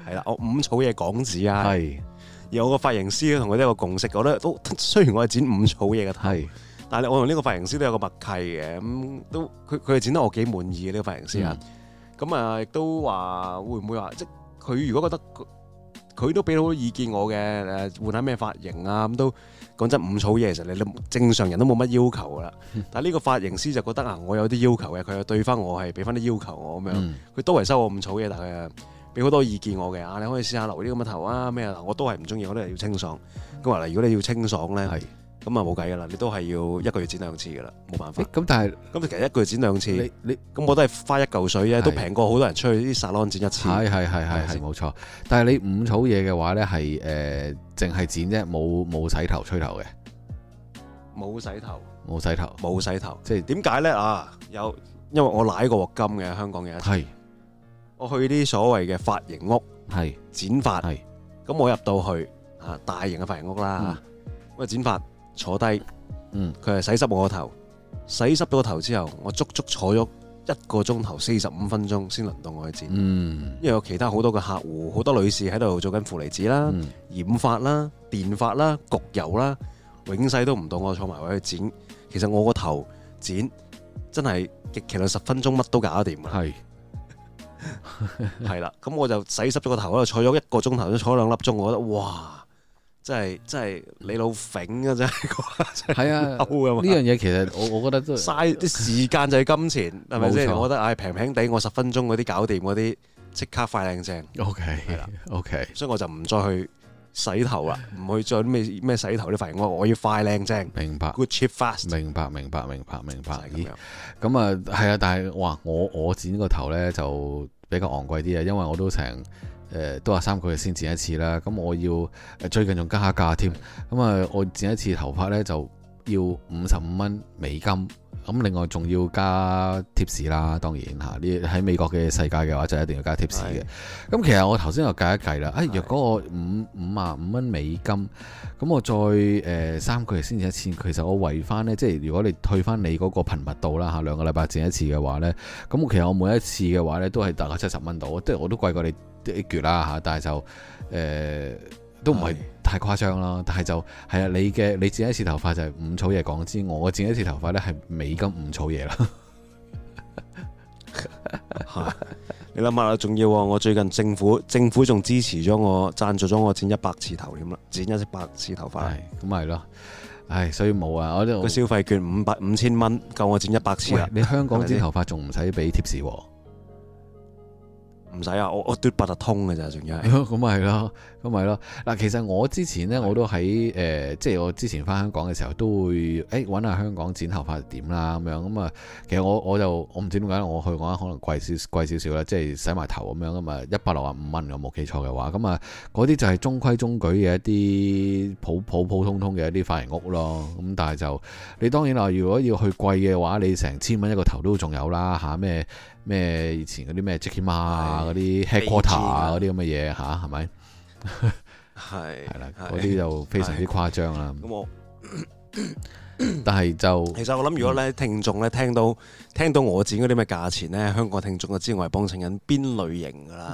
係啦， 我五草嘢港紙啊，係是，而是我個髮型師同佢都有一個共識，我覺得都雖然我係剪五草嘢嘅，係。但係我同呢個髮型師都有個默契嘅，咁、嗯、都佢佢係剪得我幾滿意嘅呢、這個髮型師、嗯、啊，咁啊亦都話會唔會話即係佢如果覺得佢都俾好多意見我嘅，誒、啊、換下咩髮型啊咁。都講真，五草嘢其實你正常人都冇乜要求噶啦。但係呢個髮型師就覺得啊，我有啲要求嘅，佢又對翻我係俾翻啲要求我咁樣，佢、嗯、都為收我五草嘢，但係俾好多意見我嘅，啊。你可以試下留啲咁嘅頭啊咩，我都係唔中意，我都係要清爽。咁話嗱，如果你要清爽咧，係。是咁啊冇計噶啦，你都係要一個月剪兩次噶啦，冇辦法。咁但係，咁其實一個月剪兩次，你你，咁我都係花一嚿水啫，都平過好多人出去啲沙龍剪一次。係係係係冇錯。但係你五草嘢嘅話咧，係誒淨係剪啫，冇冇洗頭吹頭嘅。冇洗頭，冇洗頭，冇洗頭。即係點解咧啊？有因為我奶過鑊金嘅香港人係，我去啲所謂嘅髮型屋係剪髮係，咁我入到去啊大型嘅髮型屋啦，咁啊剪髮。坐低，佢係洗濕我個頭，洗濕咗個頭之後，我足足坐咗一個鐘頭四十五分鐘先輪到我去剪，嗯、因為有其他好多嘅客戶，好多女士喺度做緊負離子啦、嗯、染髮啦、電髮啦、焗油啦，永世都唔到我坐埋位去剪。其實我個頭剪真係極其耐，十分鐘乜都搞得掂嘅，係係啦，咁 我就洗濕咗個頭啦，坐咗一個鐘頭，都坐兩粒鐘，我覺得哇！真係真係你老馳啊！真係，係 啊，呢樣嘢其實我覺 我覺得都嘥啲時間就係金錢，係咪先？我覺得唉平平地，我十分鐘嗰啲搞掂嗰啲，即刻快靚正。OK，OK。所以我就唔再去洗頭啦，唔去再咩咩洗頭啲髮型。我我要快靚正 白，明白。Good cheap fast，明白明白明白明白。咁啊係啊，但係哇，我我剪個頭咧就比較昂貴啲啊，因為我都成。誒都話三個月先剪一次啦，咁我要誒最近仲加下價添，咁啊我剪一次頭髮呢就要五十五蚊美金。咁另外仲要加 tips 啦，當然嚇，呢喺美國嘅世界嘅話就一定要加 tips 嘅。咁的其實我頭先又計一計啦，哎若果我五五啊五蚊美金，咁我再誒、呃、三個月先至一次，其實我為翻呢。即係如果你退翻你嗰個頻密度啦嚇，兩個禮拜整一次嘅話呢，咁其實我每一次嘅話呢都係大概七十蚊度。即係我都貴過你一橛啦嚇，但係就誒。呃都唔係太誇張啦，但係就係啊，你嘅你剪一次頭髮就係五草嘢講之，我剪一次頭髮咧係美金五草嘢啦。 係，你諗下啦，仲要我最近政府政府仲支持咗我，贊助咗我剪一百次頭添啦，剪一百次頭髮，咁咪咯，唉，所以冇啊，我呢度個消費券五百五千蚊，夠我剪一百次啦，你香港剪頭髮仲唔使俾貼士喎？唔使啊，我我嘟八達通嘅咋，仲要咁咪係咯，咁咪係咯。嗱，其實我之前呢，我都喺誒、呃，即係我之前翻香港嘅時候，都會誒揾下香港剪頭髮點啦，咁樣咁啊。其實我我就我唔知點解，我去嘅話可能貴少貴少少啦，即係洗埋頭咁樣咁啊，一百六十五蚊，我冇記錯嘅話，咁啊嗰啲就係中規中矩嘅一啲普普普通通嘅一啲髮型屋咯。咁但係就你當然啦，如果要去貴嘅話，你成千蚊一個頭都仲有啦，吓咩？咩以前嗰啲咩 Jacky Ma 啊，嗰啲 Headquarter 啊，嗰啲咁嘅嘢吓，係咪？係係啦，嗰啲就非常之誇張啦。咁我，但係就其實我諗，如果咧聽眾咧聽到聽到我剪嗰啲咩價錢咧，香港聽眾就知我係幫襯緊邊類型㗎啦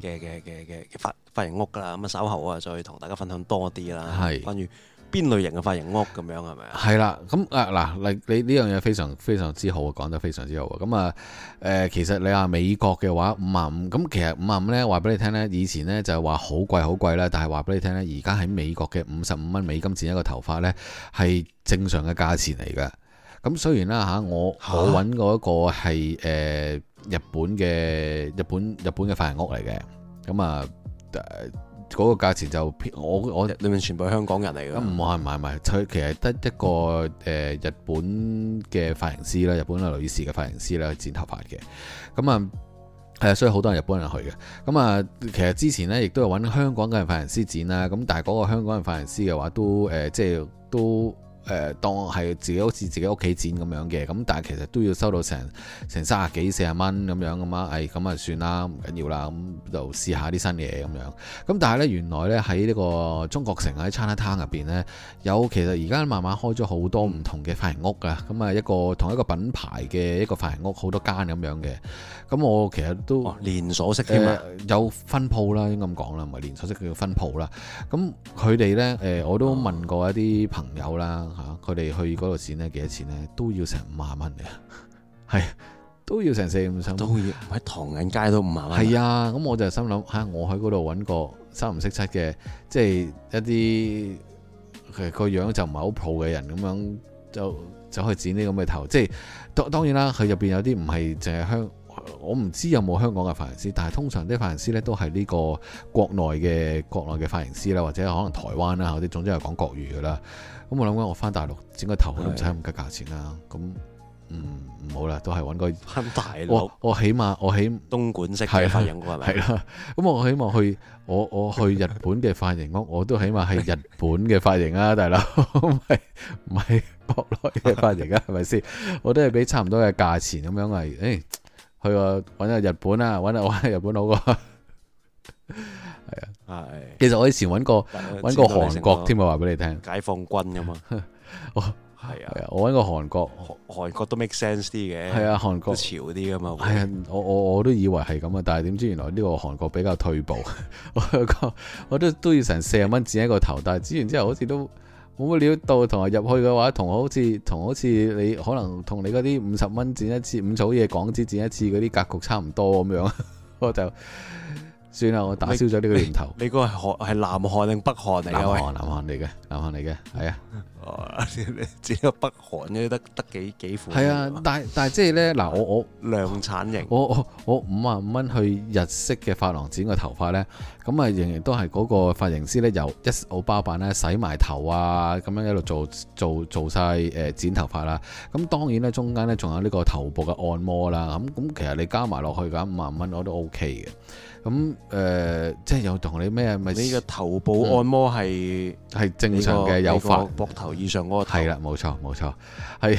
嘅嘅嘅嘅發髮型屋啦，咁啊稍後我啊再同大家分享多啲啦，關於。邊類型嘅髮型屋咁樣係咪啊？係啦，咁誒嗱，你呢樣嘢非常非常之好，講得非常之好啊！咁啊，誒、呃、其實你話美國嘅話五萬五，咁其實五萬五呢，話俾你聽呢，以前呢就係話好貴好貴啦，但係話俾你聽呢，而家喺美國嘅五十五蚊美金剪一個頭髮呢，係正常嘅價錢嚟嘅。咁雖然啦嚇、啊，我、啊、我揾過一個係誒、呃、日本嘅日本日本嘅髮型屋嚟嘅，咁啊。呃嗰個價錢就偏我哋裏面全部係香港人嚟嘅。唔係唔係唔係，佢其實得一個誒、呃、日本嘅髮型師啦，日本嘅女士嘅髮型師啦，剪頭髮嘅，咁啊係啊，所以好多人日本人去嘅，咁啊其實之前呢亦都有揾香港嘅髮型師剪啦，咁但係嗰個香港嘅髮型師嘅話都誒即係都。呃誒當係自己好似自己屋企剪咁樣嘅，咁但係其實都要收到成成三十幾四十蚊咁樣咁啊，誒咁啊算啦，唔緊要啦，咁就試下啲新嘢咁樣。咁但係咧，原來咧喺呢個中國城啊，喺 China Town 入邊咧，有其實而家慢慢開咗好多唔同嘅髮型屋㗎，咁啊一個同一個品牌嘅一個髮型屋好多間咁樣嘅。咁我其實都連鎖式添啊，呃、有分鋪啦，應該咁講啦，唔係連鎖式叫分鋪啦。咁佢哋咧誒，我都問過一啲朋友啦。嚇！佢哋去嗰度剪呢幾多錢呢？都要成五萬蚊嘅，係 都要成四五千，都要喺唐人街都五萬蚊。係啊，咁我就心諗嚇、啊，我喺嗰度揾個三唔識七嘅，即係一啲其實個樣就唔係好 pro 嘅人，咁樣就就可以剪呢啲咁嘅頭。即係當當然啦，佢入邊有啲唔係淨係香，我唔知有冇香港嘅髮型師，但係通常啲髮型師呢都係呢個國內嘅國內嘅髮型師啦，或者可能台灣啦，或者總之係講國語噶啦。咁我諗緊我翻大陸整個頭都唔使咁嘅價錢啦，咁唔唔好啦，都係揾個翻大陸我我起碼我起東莞式嘅髮型屋係咪？係啦，咁我希望去我我去日本嘅髮型屋，我都起碼係日本嘅髮型啊，大佬，唔係唔係國內嘅髮型啊，係咪先？我都係俾差唔多嘅價錢咁樣係，誒，去個揾下日本啊，揾下揾下日本好過。 係啊，係。其實我以前搵知道 個搵個韓國添啊，話俾你聽。解放軍噶嘛哦我，係啊，我搵個韓國，韓韓國都 make sense 啲嘅。係啊，韓國潮啲噶嘛係啊，我我我都以為係咁啊，但係點知原來呢個韓國比較退步。 我都都要成四十蚊剪一個頭，但係剪完之後好似都冇乜料到，同埋入去嘅話，同我好似同好似你可能同你嗰啲五十蚊剪一次五草嘢港紙，剪一次嗰啲格局差唔多咁樣啊， 我就。算啦，我打消咗呢個念頭。你個係韓係南韓定北韓嚟啊？南韓南韓嚟嘅，南韓嚟嘅，係啊。只有北韓嘅得得幾幾款。係啊，但係但係即係咧嗱，我我量產型，我我我五萬蚊去日式嘅髮廊剪個頭髮咧，咁啊仍然都係嗰個髮型師咧由一好包辦咧洗埋頭啊，咁樣一路做做做晒誒、呃、剪頭髮啦。咁當然咧中間咧仲有呢個頭部嘅按摩啦。咁咁其實你加埋落去㗎五萬蚊我都 OK 嘅。咁誒，即係、呃、有同你咩？咪你個頭部按摩係係、嗯、正常嘅有法，膊頭以上嗰個係啦，冇錯冇錯，係。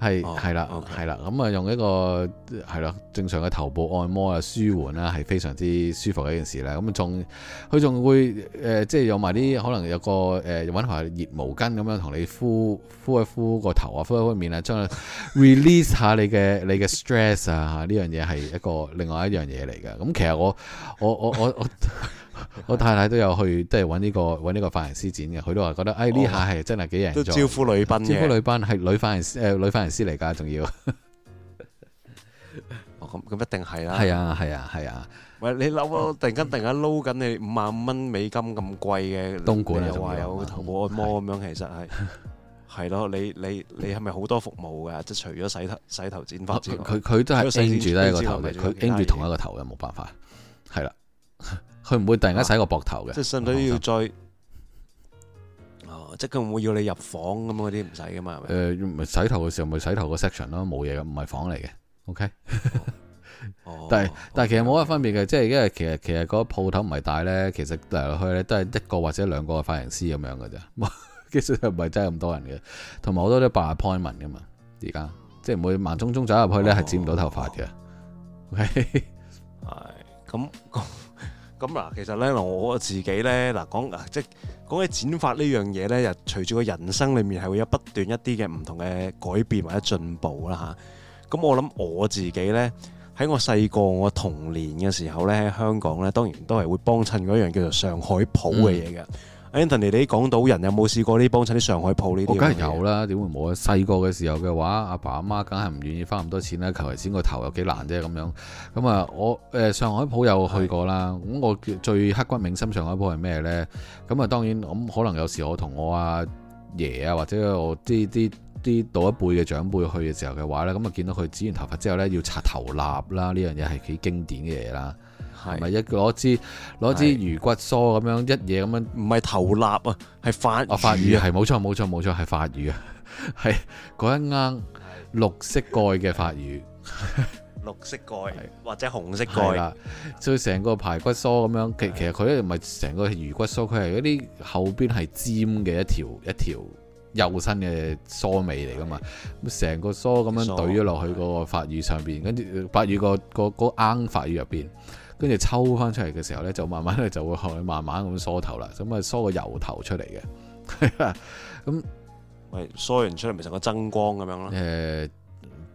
係係啦，係啦，咁啊、oh, okay. 嗯、用一個係咯正常嘅頭部按摩啊，舒緩啦，係非常之舒服嘅一件事啦。咁仲佢仲會誒、呃，即係用埋啲可能有個誒，搵、呃、埋熱毛巾咁樣同你敷敷一敷個頭啊，敷一敷面啊，將佢 release 下你嘅你嘅 stress 啊，呢樣嘢係一個另外一樣嘢嚟嘅。咁、嗯、其實我我我我我。我我 啊、我太太都有去，即係搵呢個搵呢個髮型師剪嘅。佢都話覺得，哎呢下係真係幾人招呼女賓招呼女賓係女髮型師誒，女髮型師嚟噶，仲要。咁咁、哦、一定係啦。係啊，係啊，係啊。喂、啊，啊、你撈，突然間突然間撈緊你五萬蚊美金咁貴嘅，東莞又話你有個頭部按摩咁是樣，其實係係咯，你你你係咪好多服務噶？即係除咗洗頭洗頭剪髮，佢佢佢都係拎住一個頭佢拎住同一個頭嘅，冇辦法。係啦。佢唔會突然間洗個膊頭嘅，即係甚至要追，哦，即係佢唔會要你入房咁嗰啲唔使噶嘛，係咪？誒洗頭嘅時候咪洗頭個 section 咯，冇嘢嘅，唔係房嚟嘅。OK，但係但係其實冇乜分別嘅，即係因為其實其實嗰鋪頭唔係大咧，其實嚟嚟去去咧都係一個或者兩個嘅髮型師咁樣嘅咋。其實又唔係真係咁多人嘅。同埋好多都白 appointment 嘅嘛，而家即係唔會盲舂舂走入去咧係剪唔到頭髮嘅。OK，係咁。咁嗱，其實咧，我我自己咧，嗱講，即講起剪髮呢樣嘢咧，又隨住個人生裡面係會有不斷一啲嘅唔同嘅改變或者進步啦嚇。咁我諗我自己咧，喺我細個我童年嘅時候咧，喺香港咧當然都係會幫襯嗰樣叫做上海舖嘅嘢嘅。Anthony，你啲港島人有冇試過呢幫襯啲上海鋪呢啲嘢？我梗係有啦，點會冇啊？細個嘅時候嘅話，阿爸阿媽梗係唔願意花咁多錢啦，求其剪個頭又幾難啫咁樣。咁啊，我誒上海鋪又去過啦。咁的我最刻骨銘心上海鋪係咩呢？咁啊，當然咁可能有時我同我阿爺啊，或者我啲啲啲老一輩嘅長輩去嘅時候嘅話咧，咁啊見到佢剪完頭髮之後呢，要擦頭蠟啦，呢樣嘢係幾經典嘅嘢啦。係咪一攞支攞支魚骨梳咁樣一嘢咁樣？唔係頭蠟啊，係發哦發魚，係冇錯冇錯冇錯，係發魚啊！係 嗰一罌綠色蓋嘅發魚，綠色蓋 是或者紅色蓋啦，所以成個排骨梳咁樣。其的其實佢一唔係成個魚骨梳，佢係一啲後邊係尖嘅一條一條幼身嘅梳尾嚟㗎嘛。咁成、嗯嗯、個梳咁樣懟咗落去嗰個發魚上邊，嗯嗯、跟住發魚個個嗰罌發魚入邊。嗯，裡面裡面跟住抽翻出嚟嘅時候呢，就慢慢咧就會佢慢慢咁梳頭啦，咁啊梳個油頭出嚟嘅，咁 那喂梳完出嚟咪成個曾江咁樣咯。誒、呃、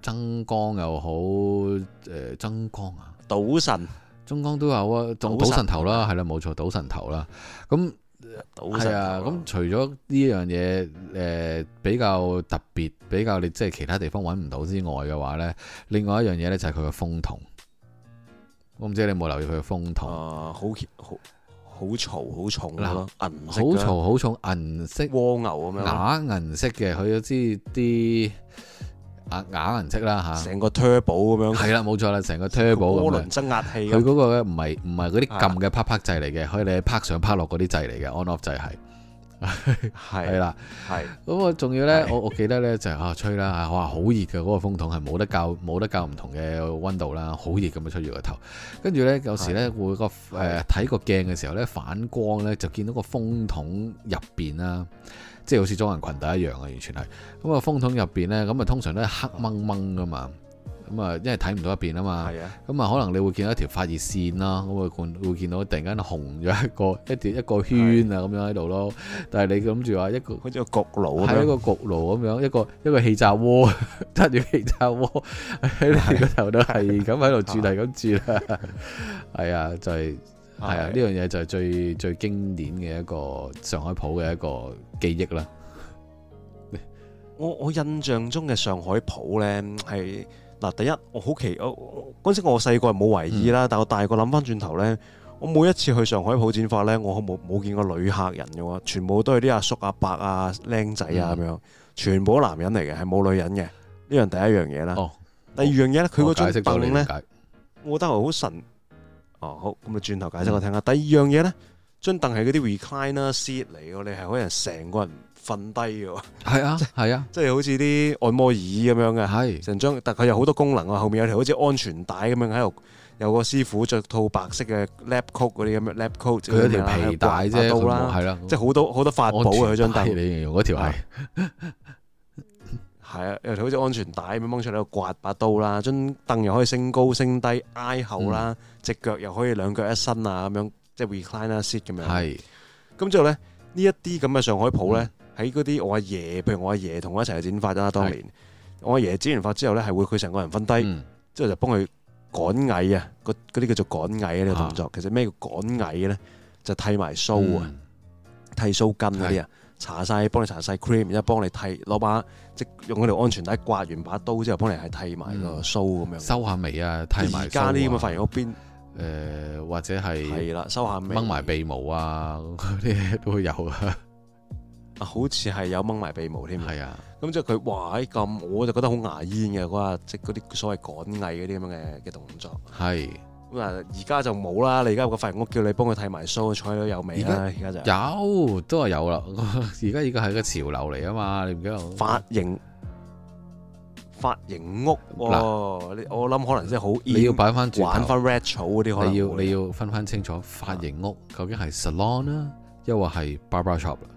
曾江又好，誒、呃、曾江啊，賭神，曾江都有啊，賭神，賭神頭啦，係啦冇錯，賭神頭啦，咁係啊，咁除咗呢樣嘢誒比較特別，比較你即係其他地方揾唔到之外嘅話呢，另外一樣嘢呢，就係佢嘅風筒。我唔知你有冇留意佢嘅風筒，呃、好好好嘈好重咯，銀好嘈好重，銀色蝸牛咁樣，鈪銀色嘅佢有啲啲鈪鈪銀色啦嚇，成個 turbo 咁樣，係啦冇錯啦，成個 turbo 渦輪增壓器樣，佢嗰個咧唔係唔係嗰啲撳嘅啪啪掣嚟嘅，可以、啊、你啪上啪落嗰啲掣嚟嘅 on off 掣係。On 係係啦，係咁 了我仲要咧，是我我記得咧就是、啊吹啦，啊、哇好熱嘅嗰、那個風筒係冇得較冇得較唔同嘅溫度啦，好熱咁啊吹住個頭，跟住咧有時咧是會個誒睇、呃、個鏡嘅時候咧反光咧就見到個風筒入邊啦，即係好似裝人裙底一樣啊，完全係咁啊風筒入邊咧咁啊通常都係黑掹掹噶嘛。咁啊，因為睇唔到一邊啊嘛，咁啊，可能你會見到一條發熱線咯，咁啊，會見到突然間紅咗一個一條一個圈啊，咁樣喺度咯。但係你諗住話一個好似個焗爐，係一個焗爐咁樣，一個一個氣炸鍋，揸住氣炸鍋喺你個頭都係咁喺度煮嚟咁煮啦。係啊，就係係啊，呢樣嘢就係最最經典嘅一個上海普嘅一個記憶啦。我我印象中嘅上海普咧係。嗱，第一我好奇，嗰陣時我細個係冇懷疑啦，嗯、但我大個諗翻轉頭咧，我每一次去上海舖剪髮咧，我冇冇見過女客人嘅喎，全部都係啲阿叔阿伯啊、僆仔啊咁樣，全部都男人嚟嘅，係冇女人嘅。呢樣第一樣嘢啦，哦、第二樣嘢咧，佢個張凳咧，我，我覺得好神。哦，好，咁啊轉頭解釋我聽下，嗯、第二樣嘢咧。張凳係嗰啲 recliner seat 嚟嘅，你係可以人成個人瞓低嘅。係啊，係啊，即係好似啲按摩椅咁樣嘅。係，成張凳，佢有好多功能啊。後面有條好似安全帶咁樣喺度，有個師傅着套白色嘅 lab coat 嗰啲咁嘅 lab coat。佢條皮帶啫，刀啦，係啦，即係好多好多法寶啊。佢張凳，你形容嗰條係，係啊，有條好似安全帶咁樣掹出嚟，刮把刀啦，張凳又可以升高、升低、挨後啦，隻腳又可以兩腳一伸啊咁樣。即係 recliner seat 咁樣，咁之後咧呢一啲咁嘅上海鋪咧，喺嗰啲我阿爺，譬如我阿爺同我一齊剪髮啦，當年我阿爺剪完髮之後咧，係會佢成個人瞓低，之後就幫佢趕蟻啊，嗰啲叫做趕蟻嘅動作，其實咩叫趕蟻咧？就剃埋須啊，剃須根嗰啲啊，搽晒幫你搽晒 cream，然之後幫你剃攞把即係用嗰條安全帶刮完把刀之後幫你係剃埋個須咁樣，收下眉啊，剃埋。而啲咁嘅髮型嗰邊。誒、呃，或者係係啦，收下眉，掹埋鼻毛啊，嗰 啲都會有，有啊。啊，好似係有掹埋鼻毛添。係啊，咁即係佢哇，喺、欸、咁我就覺得好牙煙嘅嗰下，即係嗰啲所謂趕藝嗰啲咁嘅嘅動作。係是，咁啊而家就冇啦。你而家有個髮型屋叫你幫佢剃埋鬚，坐喺度有味。啦在。而家就有，有都係有啦。而家而家係個潮流嚟啊嘛，你唔記得我？髮型。髮型屋嗱、哦，喇我諗可能真係好要擺玩翻 retro 嗰啲，你要你要分翻清楚髮型屋究竟係 salon 啦、啊，又或係 barber shop 啦。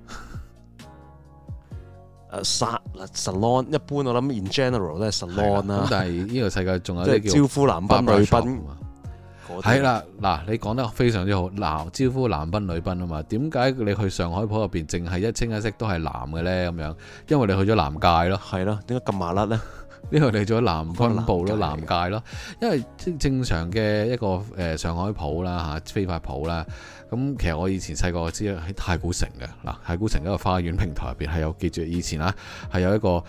誒、啊啊、，salon 一般我諗 in general 都係 salon 啦、啊。咁但係呢個世界仲有啲叫招呼男賓女賓。係啦、啊，嗱些，你講得非常之好，嗱，招呼男賓女賓啊嘛。點解你去上海鋪入邊淨係一清一色都係男嘅咧？咁樣，因為你去咗南界咯。係咯，點解咁麻甩咧？呢個嚟咗南軍部咯，男界咯，因為正正常嘅一個誒上海鋪啦嚇，飛髮鋪啦。咁其實我以前細個知喺太古城嘅，嗱太古城一個花園平台入邊係有，記住以前啦，係有一個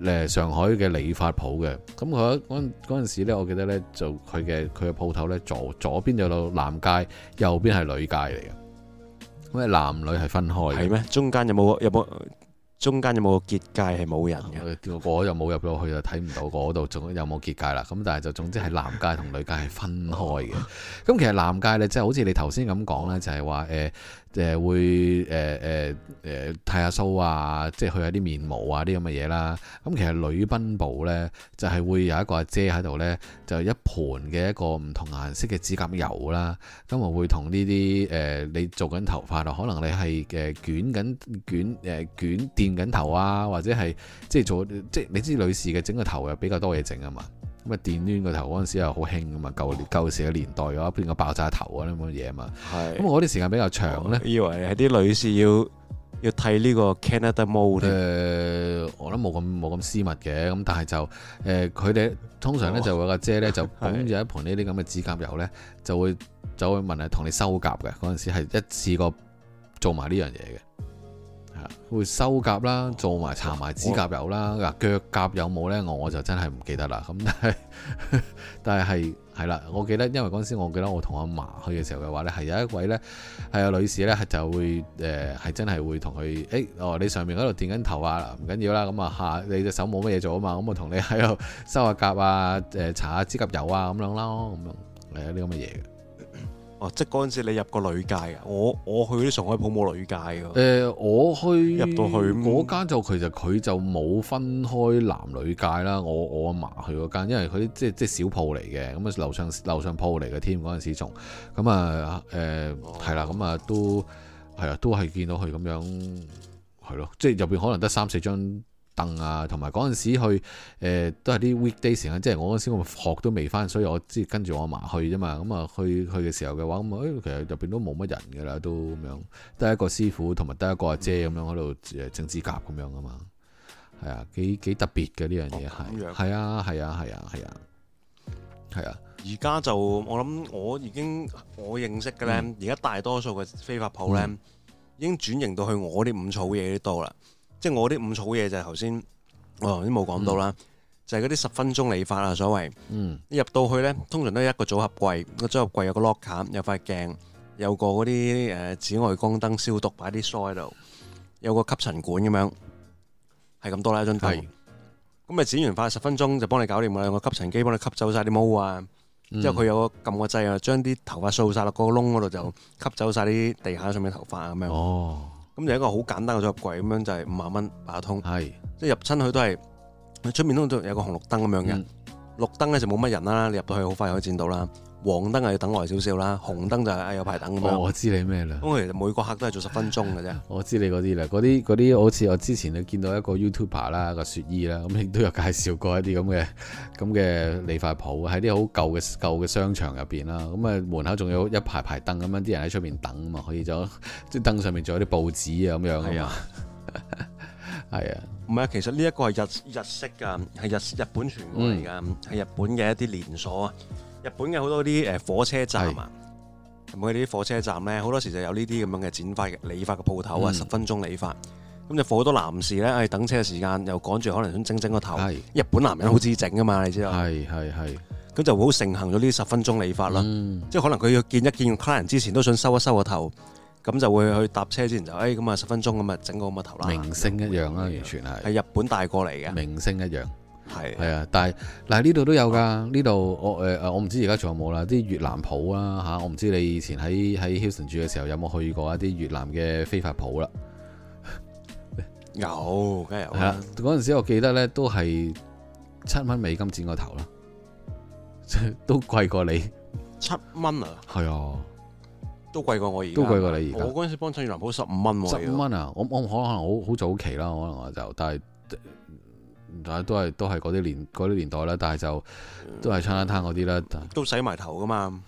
誒上海嘅理髮鋪嘅。咁嗰嗰嗰陣時咧，我記得咧就佢嘅佢嘅鋪頭咧，左左邊就到男界，右邊係女界嚟嘅。咁係男女係分開嘅。係咩？中間有冇有冇？有中間有冇個結界係冇人嘅？我又冇入到去，就睇唔到嗰度仲有冇結界啦。咁但係就總之係男界同女界係分開嘅。咁、哦、其實男界咧，即係好似你頭先咁講咧，就係話誒。就是即誒會誒誒誒剃下鬚啊，即係去下啲面毛啊啲咁嘅嘢啦。咁其實女賓部呢，就係、是、會有一個阿姐喺度呢，就一盤嘅一個唔同顏色嘅指甲油啦。咁我會同呢啲誒你做緊頭髮啊，可能你係誒捲緊卷誒捲電緊頭啊，或者係即係做即係你知女士嘅整個頭又比較多嘢整啊嘛。咁啊電燛個頭嗰陣時又好興噶嘛，舊舊時嘅年代嘅話，變個爆炸頭嗰啲咁嘅嘢啊嘛。係是。咁我啲時間比較長咧，以為係啲女士要要剃呢個 Canada Mode。誒、呃，我諗冇咁冇咁私密嘅，咁但係就誒，佢、呃、哋通常咧就會個姐咧就捧住一盤呢啲咁嘅指甲油咧，就會就會問啊，同你修甲嘅嗰陣時係一次過做埋呢樣嘢嘅。會修甲啦，做埋搽埋指甲油啦，嗱，腳我甲有冇咧？我就真係唔記得啦。咁但係 但係係係啦，我記得，因為嗰時我記得我同阿嫲去嘅時候嘅話咧，係有一位咧係女士咧，就會誒係、呃、真係會同佢誒哦，你上面嗰度電緊頭啊，唔緊要啦，咁啊下你隻手冇乜嘢做啊嘛，咁啊同你喺度修下甲啊，誒搽下指甲油啊咁樣咯，咁樣誒有啲咁嘅嘢。哦，即係嗰陣時你入過女界啊？我，我去啲上海鋪冇女界喎。誒，我去、呃、我去入到去嗰間就其實佢就冇分開男女界啦。我我，阿嫲去嗰間，因為佢啲即係即係小鋪嚟嘅，咁啊樓上樓上鋪嚟嘅添，嗰陣時仲，咁啊誒係、呃哦、啦，咁啊都係啊，都係見到佢咁樣係咯，即係入邊可能得三四張。凳啊，同埋嗰陣時去，誒、呃、都係啲 weekday 時間，即係我嗰時我學都未翻，所以我即係跟住我阿嫲去啫嘛，咁啊去去嘅時候嘅話，咁、哎、啊其實入邊都冇乜人嘅啦，都咁樣，得一個師傅同埋得一個阿姐咁樣喺度整指甲咁樣啊嘛，係啊，幾幾特別嘅呢樣嘢係，係、哦、啊，係啊，係啊，係啊，係啊，而家、啊、就我諗我已經我認識嘅咧，而家、嗯、大多數嘅飛髮鋪咧、嗯、已經轉型到去我啲五草嘢都多啦。即係我啲五草嘢就係頭先，我頭先冇講到啦，就係嗰啲十分鐘理髮啊，所謂，嗯，入到去咧，通常都係一個組合櫃，個組合櫃有個 lock 卡，有塊鏡，有個嗰啲誒紫外光燈消毒，擺啲梳喺度，有個吸塵管咁樣，係咁多啦，一張圖。咁咪剪完髮十分鐘就幫你搞掂㗎啦，用個吸塵機幫你吸走曬啲毛啊，之後佢有個撳個掣啊，將啲頭髮掃曬落個窿嗰度就吸走曬啲地下上面頭髮咁樣。咁就一個好簡單嘅裝入櫃咁樣，就係五萬蚊打得通，係是即入親去都係出面都有個紅綠燈咁樣嘅，嗯、綠燈咧就冇乜人啦，你入到去好快就可以見到啦。黃燈係要等耐少少啦，紅燈就係有排等、哦、我知你咩啦？咁其實每個客都係做十分鐘嘅啫。 我知你嗰啲啦，嗰啲啲，好似我之前咧見到一個 YouTuber 啦，個雪姨啦，咁亦都有介紹過一啲咁嘅咁嘅理髮鋪，喺啲好舊嘅舊嘅商場入邊啦。咁、嗯、啊門口仲有一排排凳咁樣，啲人喺出邊等啊嘛，可以就即、是、係凳上面仲有啲報紙啊咁樣啊嘛，係嗎 啊。唔係啊，其實呢一個係日日式噶，係日日本傳嚟噶，係、嗯、日本嘅一啲連鎖啊。日本嘅好多啲誒火車站啊，咁佢哋啲火車站咧，好多時就有呢啲咁樣嘅剪髮嘅理髮嘅鋪頭啊，十分鐘理髮。咁就好多男士咧，誒等車嘅時間又趕住，可能想整整個頭。日本男人好知整㗎嘛，你知啦。係係係，咁就好盛行咗呢十分鐘理髮啦。即係可能佢要見一見 client 之前都想收一收個頭，咁就會去搭車之前就誒咁啊十分鐘咁啊整個咁嘅頭啦。明星一樣啦，完全係。係日本帶過嚟嘅，明星一樣。係係啊，但係嗱呢度都有噶，呢度我誒誒我唔知而家仲有冇啦，啲越南鋪啊。吓，我唔知你以前喺喺 Hilton 住嘅時候有冇去過一啲越南嘅非法鋪啦？有，梗係有啦。嗰陣的、啊、時我記得咧都係七蚊美金剪個頭啦，都貴 過你七蚊啊？係啊，都貴過我而家，都貴過你而家。我嗰陣時幫襯越南鋪十五蚊，十五蚊啊？我我可能好好早期啦，可能就但係。大家都係都係嗰啲年啲年代啦，但係就、嗯、都係餐餐攤嗰啲啦，都洗埋頭噶嘛？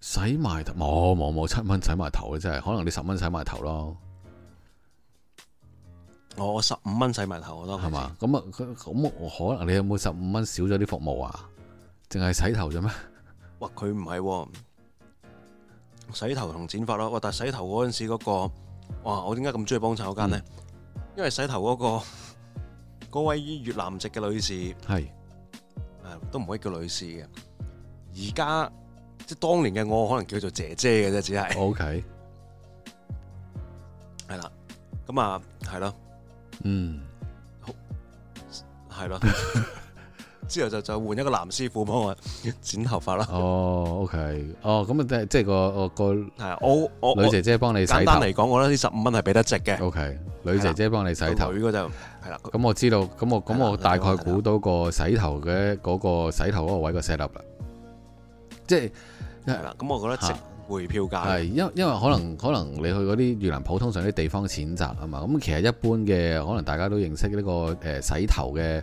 洗埋頭冇冇冇七蚊洗埋頭嘅，真係可能你十蚊洗埋頭咯。我十五蚊洗埋頭咯。係嘛？咁啊？咁可能你有冇十五蚊少咗啲服務啊？淨係洗頭啫咩、啊哦那個？哇！佢唔係，洗頭同剪髮咯。哇！但係洗頭嗰陣時嗰個哇，我點解咁中意幫襯嗰間咧？因為洗頭嗰、嗰個。嗰位越南籍嘅女士，係是，啊都唔可以叫女士嘅，而家即係當年嘅我，可能叫做姐姐嘅啫，只係，OK，係啦， 咁啊，係咯，嗯，好，係啦。 之後就就換一個男師傅幫我剪頭髮啦。哦，OK，哦，咁啊，即係個個個我我女姐姐幫你洗頭，簡單嚟講，我覺得呢十五蚊係俾得值嘅。OK，女姐姐幫你洗頭，就係啦。咁我知道，咁我咁我大概估到個洗頭嘅嗰個洗頭嗰個位個 set up 啦。即係咁，我覺得值回票價。係，因因為可能可能你去嗰啲越南普通上啲地方選擇啊嘛。咁其實一般嘅可能大家都認識呢個誒洗頭嘅。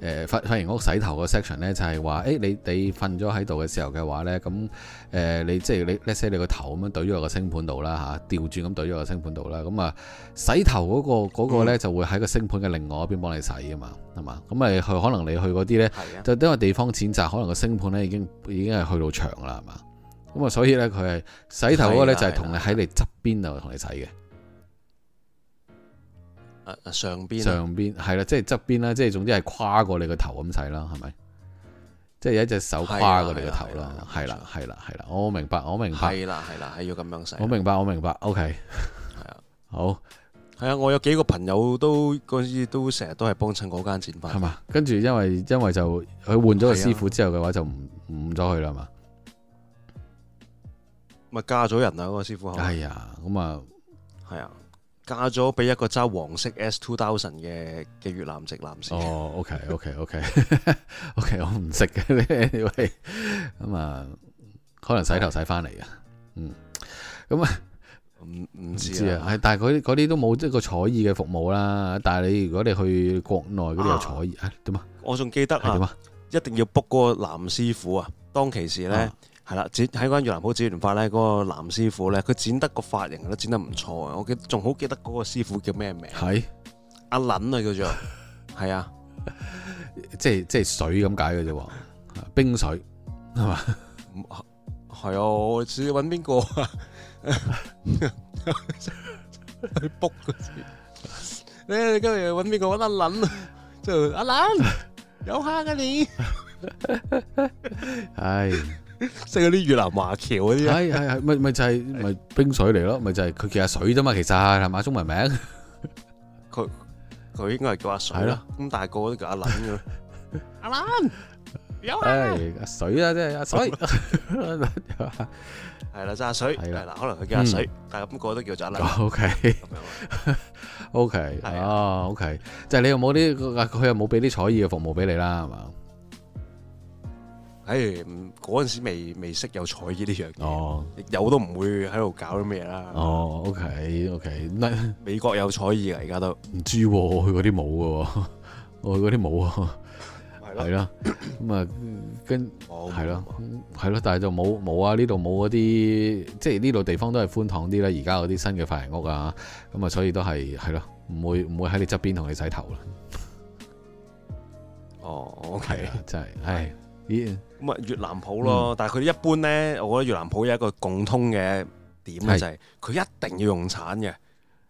誒髮髮型屋洗頭個 section 咧，就係、是欸、話，誒、呃、你你瞓咗喺度嘅時候嘅話咧，咁誒你即係你 let's say 你個頭咁樣對咗個星盤度啦嚇，調轉咁對咗個星盤度啦，咁啊洗頭嗰、那個嗰咧、那個、就會喺個星盤嘅另外一邊幫你洗㗎嘛，係嘛，咁啊，佢可能你去嗰啲咧，的就因為地方淺窄，可能個星盤咧已經已經係去到長啦，係嘛，咁啊所以咧佢係洗頭嗰個咧就係同你喺你側邊度同你洗嘅。的的上邊，上邊係啦，即係側邊啦，即係總之係跨過你個頭咁洗啦，係咪？即係有一隻手跨過你個頭啦，係啦，係啦，係啦，我明白，我明白，係啦，係啦，係要咁樣洗，我明白，我明白，OK，係啊，好，係啊，我有幾個朋友都嗰陣時都成日都係幫襯嗰間剪髮，係嘛？跟住因為因為就佢換咗個師傅之後嘅話就唔唔咗佢啦嘛，咪嫁咗人啦嗰個師傅，係啊，咁啊，係啊。加咗俾一個揸黃色 S2000 嘅嘅越南籍男士。哦、oh,，OK OK OK OK，我唔識嘅呢位咁啊，anyway, 可能洗頭洗翻嚟嘅。嗯，咁、嗯、啊，唔唔、嗯、知啊，係、嗯嗯、但係佢嗰啲都冇即係個彩意嘅服務啦。但係你如果你去國內嗰度有彩意啊，點、哎、啊？我仲記得點啊？樣一定要 book 嗰個藍師傅啊，當其時咧。係啦，剪喺嗰間越南鋪剪完髮咧，嗰個男師傅咧，佢剪得個髮型都剪得唔錯啊！我記得仲好記得嗰個師傅叫咩名？係是阿林 啊，叫做係啊，即係即係水咁解嘅啫，冰水係嘛？係哦，似要揾邊個啊？去 book 嗰啲，你今日揾邊個？揾阿林啊，就阿林，有哈嘅你，係。識嗰啲越南華僑嗰啲啊，係係咪咪就係咪冰水嚟咯？咪就係佢叫阿水啫嘛，其實係咪中文名？佢佢應該係叫阿水咯。咁但係個個都叫阿林嘅，阿林有啊？阿水啊，即係阿水係啦，就阿水係啦。可能佢叫阿水，但係咁個個都叫阿林。O K O K，係啊，O K，即係你又冇啲，佢又冇俾啲彩意嘅服務俾你啦，係嘛？唉，嗰陣、哎、時未未識有彩衣呢樣嘢，oh. 有都唔會喺度搞啲咩啦。哦，OK，OK，唔係美國有彩衣噶，而家都唔知佢嗰啲冇噶，我嗰啲冇啊，係咯，咁啊跟係咯，係咯，但係就冇冇啊，呢度冇嗰啲，即係呢度地方都係寬敞啲啦。而家嗰啲新嘅髮型屋啊，咁啊，所以都係係咯，唔會唔會喺你側邊同你洗頭啦。哦、 oh,，OK，真係，唉。咁啊 Yeah. 越南普咯，嗯、但係佢哋一般咧，我覺得越南普有一個共通嘅點就係、是、佢是一定要用鏟嘅，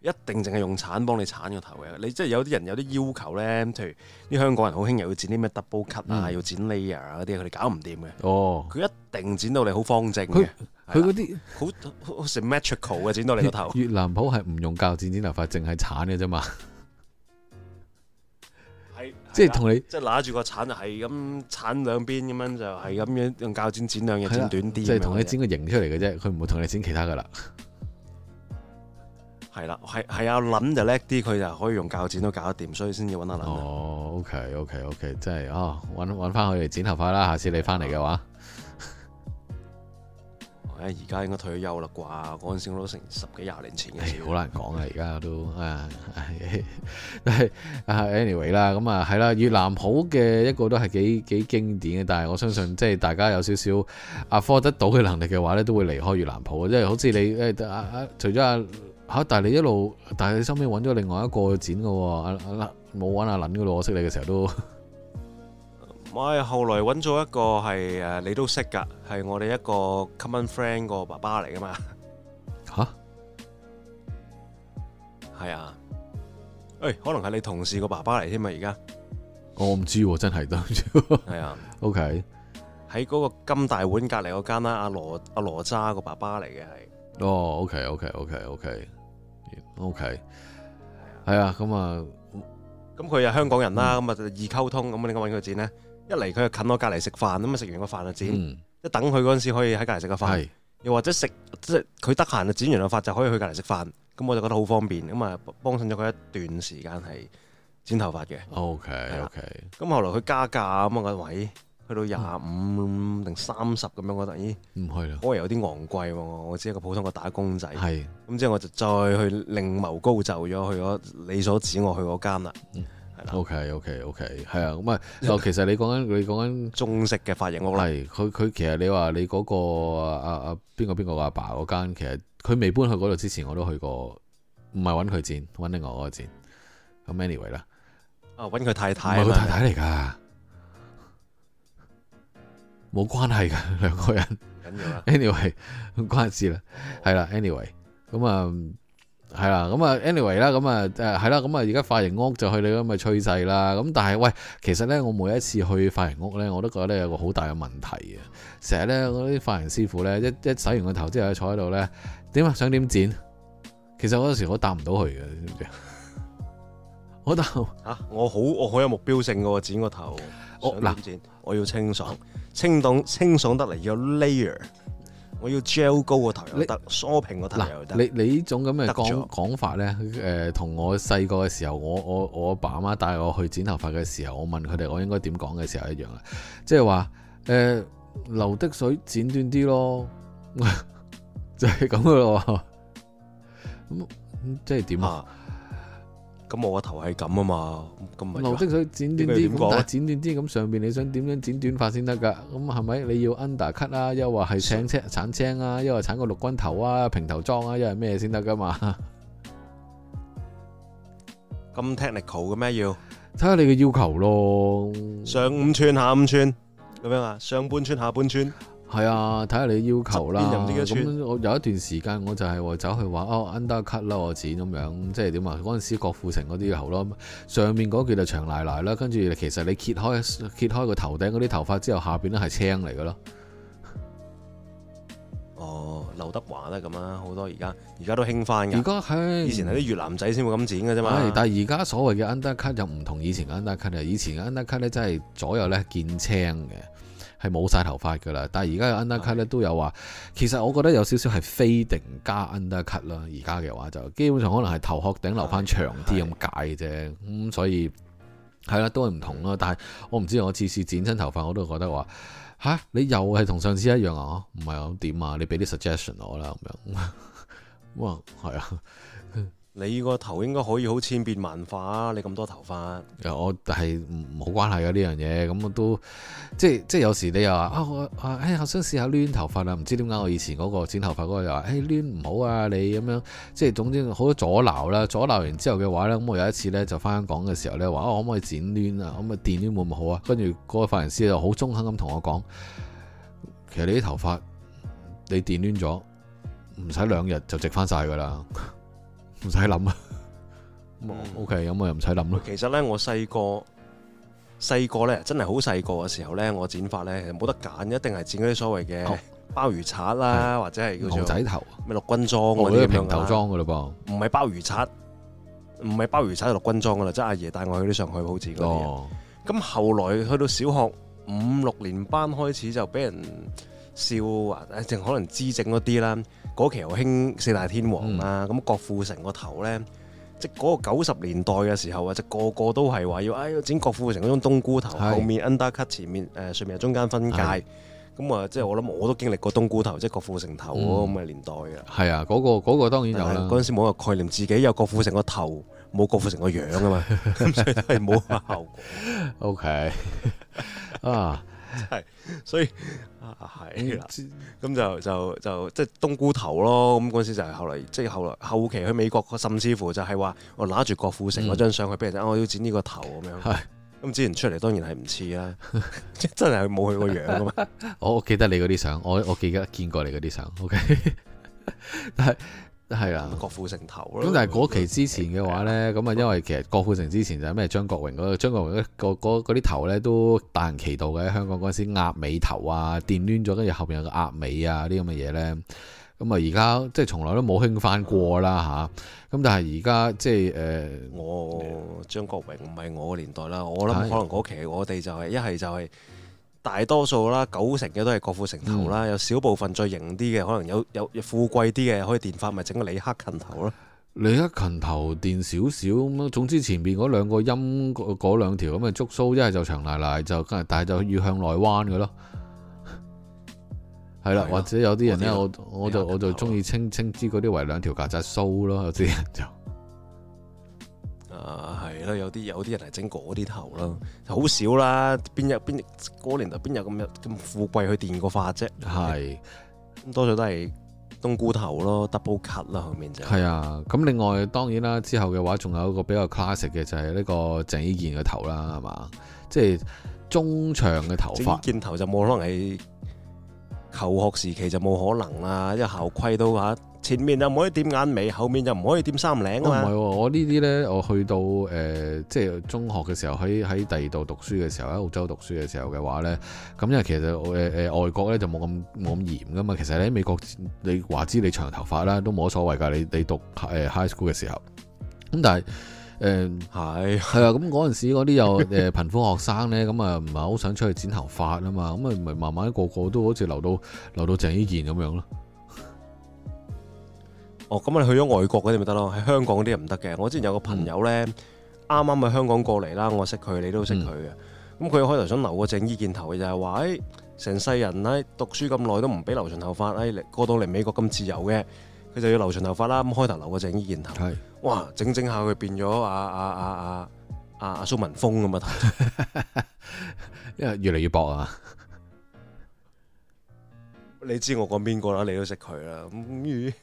一定淨係用鏟幫你鏟個頭嘅。你即係有啲人有啲要求咧，譬如啲香港人好興又要剪啲咩 double cut 啊、嗯，要剪 layer 啊嗰啲，佢哋搞唔掂嘅。哦，佢一定剪到你好方正嘅，佢嗰啲好 symmetrical 嘅剪到你個頭。越南普係唔用鉸剪剪頭髮，淨係鏟嘅啫嘛。即係同你，即係拿住個鏟就係咁鏟兩邊咁樣，就係咁樣用鉸剪剪兩日，剪短啲了。即係同你剪個型出嚟嘅啫，佢唔會同你剪其他噶啦。係啦，係係啊，諗，就叻啲，佢就可以用鉸剪都搞得掂，所以先要搵個諗。哦，OK OK OK，即係哦，搵搵翻佢嚟剪頭髮啦。下次你翻嚟嘅話。誒而家應該退休啦啩，嗰陣時我都成十幾廿年前嘅事，好、欸、難講啊！而家都誒，anyway 啦、啊，咁啊係啦，越南鋪嘅一個都係幾幾經典嘅，但係我相信即係大家有少少啊 afford 得到嘅能力嘅話咧，都會離開越南鋪，即係好似你誒啊啊，除咗啊嚇、啊，但係你一路，但係你身邊揾咗另外一個剪嘅喎，啊冇揾阿撚嘅咯，我識你嘅時候都。我係後來揾咗一個係誒，你都識噶，係我哋一個 common friend 個爸爸嚟噶嘛？吓蛤？係啊？誒、欸，可能係你同事個爸爸嚟添嘛？而家我唔知，真係得。係 啊。OK，喺嗰個金大碗隔籬嗰間啦，阿羅阿羅渣個爸爸嚟嘅係。哦，OK，OK，OK，OK，OK，係啊。咁啊，咁佢係香港人啦，咁啊、嗯、就易溝通，咁你解揾佢剪咧？一嚟佢就近我隔籬食飯，咁啊食完個飯就剪，嗯、一等佢嗰時可以喺隔籬食個飯，是又或者食即係佢得閒就是、剪完個發就可以去隔籬食飯，咁我就覺得好方便，咁啊幫襯咗佢一段時間係剪頭髮嘅。OK 了 OK。咁後來佢加價咁啊個位，去到廿五定三十咁樣，覺得咦唔去啦，嗰個有啲昂貴喎。我只係一個普通嘅打工仔，咁是之後我就再去另謀高就咗去咗你所指我去嗰間啦。嗯 O K O K O K，係啊，咁啊哦，其實你講緊你講緊中式嘅髮型屋啦。係，佢佢其實你話你嗰個阿阿邊個邊個阿爸嗰間，其實佢未搬去嗰度之前，我都去過，唔係揾佢剪，揾另外嗰個剪。咁 Anyway 啦，啊，揾佢太太，唔係佢太太嚟噶，冇的關係噶，兩個人。咁樣，Anyway，冇關係啦，係啦，Anyway，咁啊。Anyway, 的.係啦，咁啊，anyway 啦，咁啊，誒係啦，咁啊，而家髮型屋就去你咁嘅趨勢啦。咁但係喂，其實咧，我每一次去髮型屋咧，我都覺得有個好大嘅問題啊。成日咧，我啲髮型師傅咧，一一洗完個頭之後坐喺度咧，點啊想點剪？其實嗰時我答唔到佢嘅，你知唔知我答吓，我好我好有目標性嘅喎，剪個頭，我想點剪？我，我要清爽、清爽、清爽得嚟，要 layer。我要 gel 高個頭又得，你梳平個頭又得，嗱喏你你這種這了呢種咁嘅講講法咧，誒、呃，同我細個嘅時候，我我我阿爸阿媽帶我去剪頭髮嘅時候，我問佢哋我應該點講嘅時候一樣啊，即係話誒流的水剪短啲咯， 就係咁噶咯，咁 即係點啊？咁我個頭係咁啊嘛，咁唔係，留水剪短啲，剪短啲咁，上邊你想點樣剪短髮先得噶？咁係咪你要 undercut 啊？又話係請青鏟青啊？又話鏟個陸軍頭啊？平頭裝啊？又係咩先得噶嘛？咁 technical 嘅咩要？睇下你嘅要求咯。上五寸下五寸咁樣啊？上半寸下半寸？係啊，睇下你要求啦。咁我、嗯、有一段時間，我就係話走去話哦 undercut 啦，我剪咁樣，嗯、即係點啊？嗰陣時郭富城嗰啲嘅頭咯，上面嗰件就長奶奶啦。跟住其實你揭開揭開個頭頂嗰啲頭髮之後，下邊都係青嚟嘅咯。哦，劉德華樣都係咁啊，好多而家而家都興翻㗎。而家係以前係啲越南仔先會咁剪㗎啫嘛。係，但係而家所謂嘅 undercut 又唔同以前嘅 undercut 啦。以前 undercut 咧真係左右咧見青嘅。係冇晒頭髮㗎啦，但係而家嘅 undercut 咧都有話，其實我覺得有少少係非定加 undercut 啦。而家嘅話就基本上可能係頭殼頂留翻長啲咁解啫，咁的所以係啦，都係唔同啦。但係我唔知，我次次剪親頭髮我都覺得話吓，你又係同上次一樣啊？唔係啊？點啊？你俾啲 suggestion 我啦咁樣。哇，係啊！你個頭應該可以好千變萬化，你咁多頭髮，呃，我係冇關係嘅呢樣嘢。咁我都即係即係有時你又話啊，誒、哎，我想試下攣頭髮啊，唔知點解，我以前嗰個剪頭髮嗰個又話誒，攣唔好啊，你咁樣即係總之好多阻撓啦。阻撓完之後嘅話咧，咁我有一次咧就翻香港嘅時候咧話哦，啊、我可唔可以剪攣啊？咁啊電攣會唔會好啊？跟住嗰個髮型師就好中肯咁同我講，其實你啲頭髮你電攣咗唔使兩日就直翻晒噶啦。唔使諗啊！O K，咁我又唔使諗咯。其實咧，我細個細個咧，真係好細個嘅時候咧，我剪髮咧冇得揀，一定係剪嗰啲所謂嘅鮑魚刷啦，哦、或者係叫做仔頭，咪綠軍裝嗰啲咁樣。平頭裝噶咯噃，唔係鮑魚刷，唔係鮑魚刷就綠軍裝噶啦，即係阿爺帶我去啲上去，好似嘅嘢。咁、哦、後來去到小學五六年班開始就俾人笑啊，淨可能姿整多啲啦。嗰期又興四大天王啦，咁郭、嗯、富城個頭咧，即係嗰個九十年代嘅時候啊，就個個都係話要誒剪郭富城嗰種冬菇頭，是 後面 undercut 前面誒上面又中間分界，咁啊是、嗯、即係我諗我都經歷過冬菇頭，即係郭富城頭咁嘅年代嘅。係、嗯、啊，嗰、個嗰、個、當然有啦，嗰陣時冇個概念，自己有郭富城個頭冇郭富城個樣啊嘛，咁 所以都係冇效果。 OK 啊。 係，所以係啦，咁、啊、就就就即係冬菇頭咯。咁嗰陣時就係後嚟，即、就、係、是、後嚟後，後期去美國，甚至乎就係話我拿住郭富城嗰張相去俾人、嗯啊，我要剪呢個頭咁樣。係是，咁之前出嚟當然係唔似啦， 真係冇佢個樣噶嘛 我。我記得你嗰啲相，我我記得見過你嗰啲相。OK， 但係。係啊，郭富城頭咯。咁但係嗰期之前嘅話呢，咁啊的因為其實郭富城之前就係咩張國榮嗰、嗰個張國榮啲、嗰個、頭呢，都大行其道嘅。香港嗰陣時鴨尾頭啊，電攣咗，跟住後邊有個鴨尾啊啲咁嘅嘢呢。咁啊而家即係從來都冇興翻過啦嚇。咁、嗯、但係而家即係誒，就係呃、我張國榮唔係我個年代啦。我諗可能嗰期我哋就係一係就係、就係。大多數啦，九成嘅都係郭富城頭啦，嗯、有少部分再型啲嘅，可能有有富貴啲嘅，可以電髮咪整個李克勤頭咯。李克勤頭電少少咁咯，總之前面嗰兩個音嗰嗰兩條咁嘅觸鬚，一係就長賴賴賴，就但係就要向內彎嘅咯。係啦、嗯，了或者有啲人咧，我就我就我就中意稱稱之嗰啲為兩條曱甴鬚咯，有啲人就。啊，係啦，有啲有啲人嚟整嗰啲頭啦，好少啦，邊有邊嗰年代邊有咁有咁富貴去電過髮啫，係，咁多數都係冬菇頭咯，double cut 啦，後面就係、是、啊，咁另外當然啦，之後嘅話仲有一個比較 classic 嘅就係呢個鄭伊健嘅頭啦，係嘛，即、就、係、是、中長嘅頭髮，鄭伊健頭就冇可能係求學時期就冇可能啦，因為校規都吓。前面又唔可以掂眼尾，後面就唔可以掂衫領啊嘛！唔係喎，我呢啲咧，我去到誒、呃，即係中學嘅時候，喺喺第二度讀書嘅時候，喺澳洲讀書嘅時候嘅話咧，咁因為其實誒誒、呃呃、外國咧就冇咁冇咁嚴噶嘛。其實咧喺美國，你話知你長頭髮啦，都冇乜所謂㗎。你你讀誒 high school 嘅時候，咁但係誒係係啊，咁嗰陣時嗰啲有誒貧富學生咧，咁啊唔係好想出去剪頭髮啊嘛，咁啊咪慢慢個，個個都好似留到留到鄭伊健咁樣咯。哦，咁你去咗外國嗰啲咪得咯，喺香港嗰啲又唔得嘅。我之前有個朋友咧，啱啱喺香港過嚟啦，我識佢，你都識佢嘅。咁佢、嗯、開頭想留個鄭伊健頭嘅，就係話誒，成、欸、世人咧、欸、讀書咁耐都唔俾留長頭髮，誒、欸，過到嚟美國咁自由嘅，佢就要留長頭髮啦。咁、啊、開頭留個鄭伊健頭，是哇，整整下佢變咗阿阿阿阿阿阿蘇文峰咁啊， 因為越嚟越薄啊。你知我講邊個啦？你都識佢啦。嗯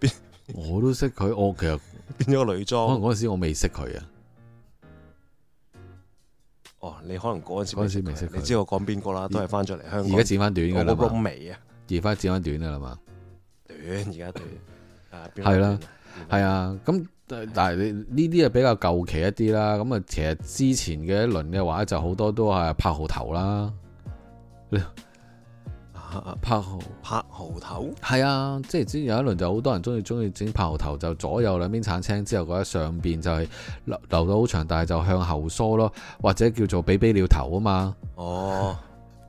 邊 我都識佢，我其實變咗個女裝。可能嗰陣時我未識佢啊。哦，你可能嗰陣時陣時未識佢。你知我講邊個啦，都係翻咗嚟香港。而家剪翻短噶啦。嗰個尾啊，而家剪翻短噶啦嘛。短而家短啊！係啦，係啊。咁但係你呢啲啊比較舊期一啲啦。咁啊，其實之前嘅一輪嘅話，就好多都係拍好頭啦。 拍號拍號頭係啊，即係之前有一輪就好多人中意中意整拍號頭，就左右兩邊鏟青之後，嗰一上邊就係留留到好長，但係就向後梳咯，或者叫做比比鳥頭啊嘛。哦，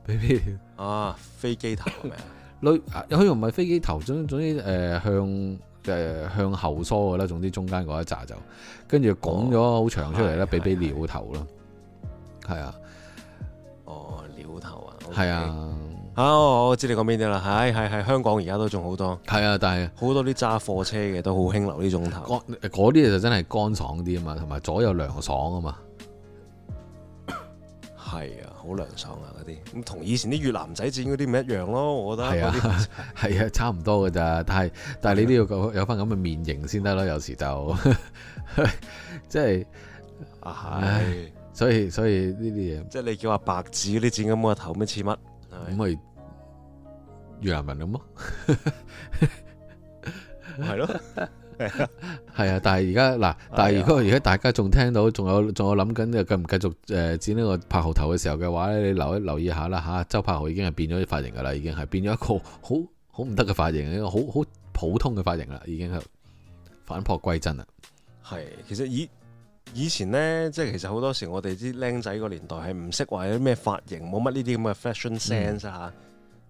比比啊，飛機頭係咪？女有佢又唔係飛機頭，總總之誒向誒向後梳嘅啦，總之中間嗰一紮就跟住拱咗好長出嚟啦，比比鳥頭咯，係啊。哦，鳥頭啊，係啊。啊！我、啊、知你講邊啲啦，係係係香港而家都仲好多，係啊，但係好多啲揸貨車嘅都好興流呢種頭，嗰啲就真係乾爽啲啊嘛，同埋左右涼爽啊嘛，係啊，好涼爽啊嗰啲，咁同以前啲越南仔剪嗰啲咪一樣咯，我覺得係啊，係啊，差唔多噶咋，但係但係你都要有有翻咁嘅面型先得咯， 有時就即係唉，所以所以呢啲嘢，即係你叫阿白紙嗰啲剪咁嘅頭，咩似乜？咁係越南文咁咯，係咯，係啊！但係而家嗱，但係如果而家大家仲聽到，仲有仲有諗緊，繼唔繼續誒剪呢個柏豪頭嘅時候嘅話咧，你留一留意一下啦吓，周柏豪已經係變咗髮型噶啦，已經係變咗一個好好唔得嘅髮型，一個好好普通嘅髮型啦，已經係反璞歸真啦。係，其實以。以前呢，即係其實好多時我哋啲僆仔個年代係唔識話有啲咩髮型，冇乜呢啲咁嘅 fashion sense 吓，嗯、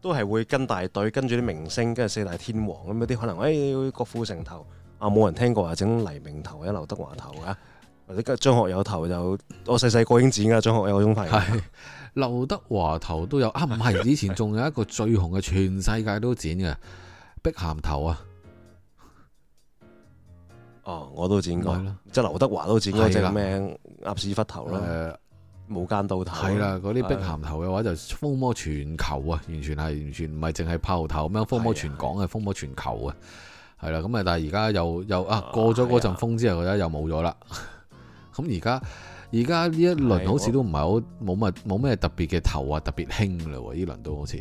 都係會跟大隊，跟住啲明星，跟住四大天王咁嗰啲，可能誒、哎、郭富城頭啊，冇人聽過話整黎明頭嘅，啊、劉德華頭噶，或者張學友頭就我細細個已經剪噶張學友嗰種髮型，劉德華頭都有啊，唔係，以前仲有一個最紅嘅，全世界都剪嘅碧咸頭啊。哦，我都剪過，啦即係劉德華都剪過隻咩鴨屎忽頭咯，無間道頭係啦，嗰啲碧咸頭嘅話就風魔全球啊，完全係完全唔係淨係炮頭咩，風魔全港嘅，風魔全球嘅，係啦，咁啊但係而家又又啊過咗嗰陣風之後咧又冇咗啦，咁而家而家呢一輪好似都唔係好冇乜冇咩特別嘅頭啊，特別興嘞，呢輪都好似。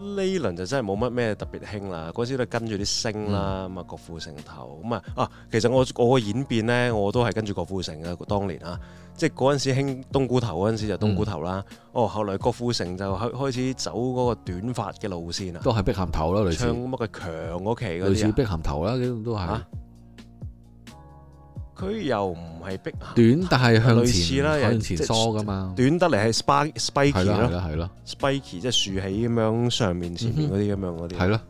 呢輪就真係冇乜咩特別興啦，嗰陣時都跟住啲星啦，咁啊郭富城頭，咁啊啊其實我我個演變呢，我都係跟住郭富城啊，當年啊，即係嗰陣時興冬菇頭嗰陣時就冬菇頭啦，嗯、哦後來郭富城就開始走嗰個短髮嘅路線啊，都係碧咸頭咯，類似唱乜嘅強嗰期嗰啲，類似碧咸頭啦，呢都係。啊佢又唔係逼短，但係向前，類似向前梳㗎嘛。短得嚟係 spike，spike 咯，spike 即係豎起咁樣上面前面嗰啲咁樣嗰啲。係咯，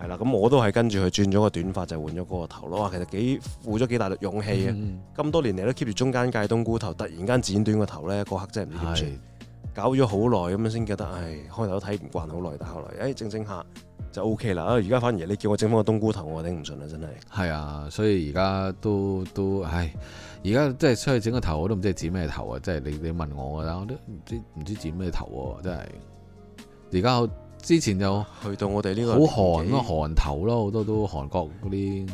係啦。咁我都係跟住佢轉咗個短髮，就係、換咗嗰個頭咯。其實幾負咗幾大嘅勇氣啊！咁、嗯、哼多年嚟都 keep 住中間界冬菇頭，突然間剪短頭、嗰個頭咧，嗰刻真係唔知點搞咗好耐咁樣先覺得，唉，開頭睇唔慣好耐，但係後來，唉，整整下就 O K 啦。而家反而你叫我整翻個冬菇頭，我頂唔順啦，真係。係啊，所以而家都都，唉，而家即係出去整個頭，我都唔知剪咩頭啊！即係你你問我，我都唔知唔知剪咩頭，真係。而家之前就去到我哋呢個好韓咯，韓頭咯，好多都韓國嗰啲。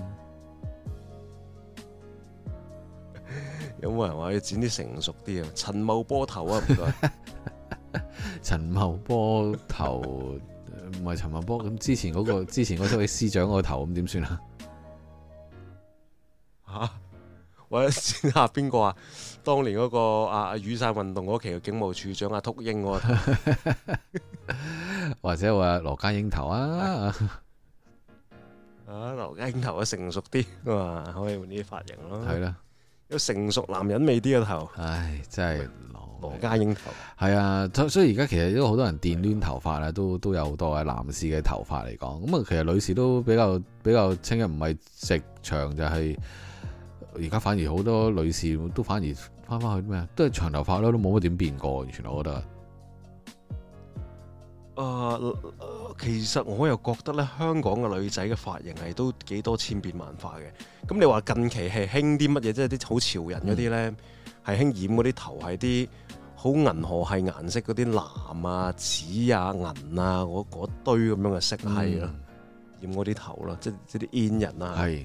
有冇人話要剪啲成熟啲啊？陳茂波頭啊！唔該 陳茂波頭唔係陳茂波咁，之前嗰、嗰個之前嗰出嘅司長個頭咁點算啊？吓，或者算下邊個啊？當年嗰個啊雨傘運動嗰期嘅警務處長阿禿鷹個頭， 或者話羅家英頭啊？啊，羅家英頭啊成熟啲嘛，可以換啲髮型咯。係啦的，有成熟男人味啲個頭。唉、哎，真係。羅家英頭係啊，所以而家其實都好多人電攣頭髮咧，都都有好多嘅男士嘅頭髮嚟講。咁啊，其實女士都比較比較清一，唔係直長就係而家反而好多女士都反而返返去咩啊，都係長頭髮咯，都冇乜點變過。完全我覺得，誒、呃呃，其實我又覺得咧，香港嘅女仔嘅髮型係都幾多千變萬化嘅。咁你話近期係興啲乜嘢？即係啲好潮人嗰啲咧，係興、嗯、染嗰啲頭係啲。好銀河系顏色嗰啲藍啊、紫啊、銀啊，嗰堆咁樣嘅色系啦，染嗰啲頭啦，即即係啲僆人啊。係。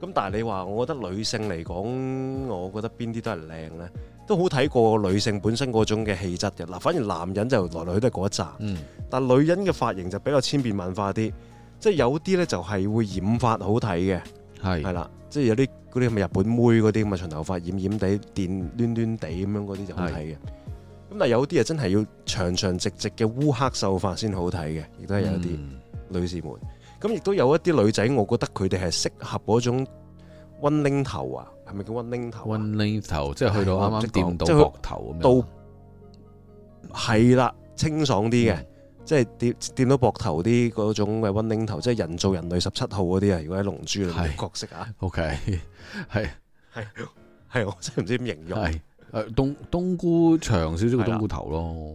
咁但係你話，我覺得女性嚟講，我覺得邊啲都係靚咧，都好睇過女性本身嗰種嘅氣質嘅。嗱，反而男人就來來去都係嗰一紮。嗯。但女人嘅髮型就比較千變萬化啲，即係有啲咧就係會染髮好睇嘅。係。係啦，即係有啲嗰啲係咪日本妹嗰啲咁嘅長頭髮染染地、電攣攣地咁樣嗰啲就好睇嘅。咁啊，有啲啊真係要長長直直嘅烏黑秀髮先好睇嘅，亦都係有啲女士們。咁亦都有一啲女仔，我覺得佢哋係適合嗰種溫領頭啊，係咪叫溫領頭？溫領頭，即係去到啱啱掂到膊頭咁樣。都係啦，清爽啲嘅，即係掂掂到膊頭啲嗰種嘅溫領頭，即係人造人類十七號嗰啲啊。如果喺《龍珠》裏邊角色啊，OK，係係係，我真係唔知點形容。誒，冬冬菇長少少嘅冬菇頭咯，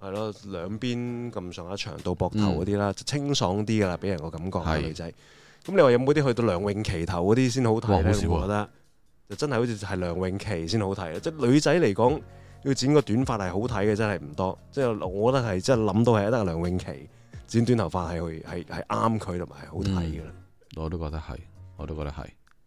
係咯，兩邊咁上下長到膊頭嗰啲啦，嗯、清爽啲噶啦，俾人個感覺嘅係女仔。咁你話有冇啲去到梁詠琪頭嗰啲先好睇咧我覺得就真係好似係梁詠琪先好睇。即係女仔嚟講，要剪個短髮係好睇嘅，真係唔多。即係我，我覺得係，真係諗到係得梁詠琪剪短頭髮係係係啱佢同埋係好睇嘅啦。我都覺得係，我都覺得係。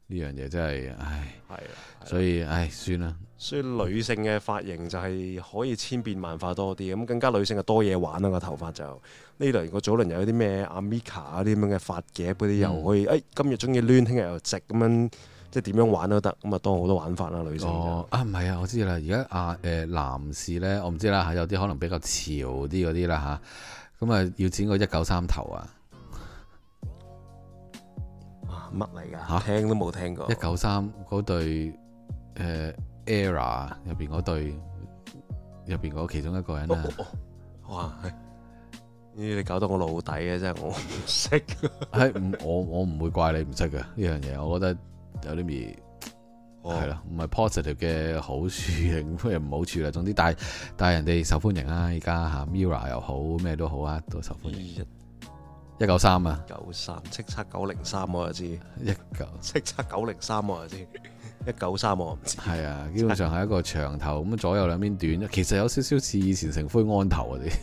呢樣嘢真係，唉，係，所以唉，算啦。所以女性嘅髮型就係可以千變萬化多啲，咁更加女性就多嘢玩啦，個頭髮就。呢輪個早輪又有啲咩阿米卡嗰啲咁嘅髮夾嗰啲，又可以，誒，今日中意攣，聽日又直咁樣，即係點樣玩都得，咁啊多好多玩法啦女性。哦，啊唔係啊，我知啦，而家阿誒男士咧，我唔知啦嚇，有啲可能比較潮啲嗰啲啦吓，咁啊要剪個一九三頭啊。乜嚟噶？吓，啊、聽都冇聽過。一九三嗰對誒，Error 入邊嗰對，入邊嗰其中一個人啊、哦哦，哇！咦、哎，你搞到我老底嘅真係、啊， 我唔識。係唔我我唔會怪你唔識嘅呢樣嘢，我覺得有啲咪係咯，唔係、哦、positive 嘅好處啊，咁又唔好處啦。總之帶，但係但係人哋受歡迎啊，而家吓 mirror 又好，咩都好啊，都受歡迎。一九三啊，九三，叱咤九零三我就知，一九，叱咤九零三我就知，一九三我唔知。係啊，基本上係一個長頭咁七 左右兩邊短，其實有少少似以前成灰安頭嗰啲，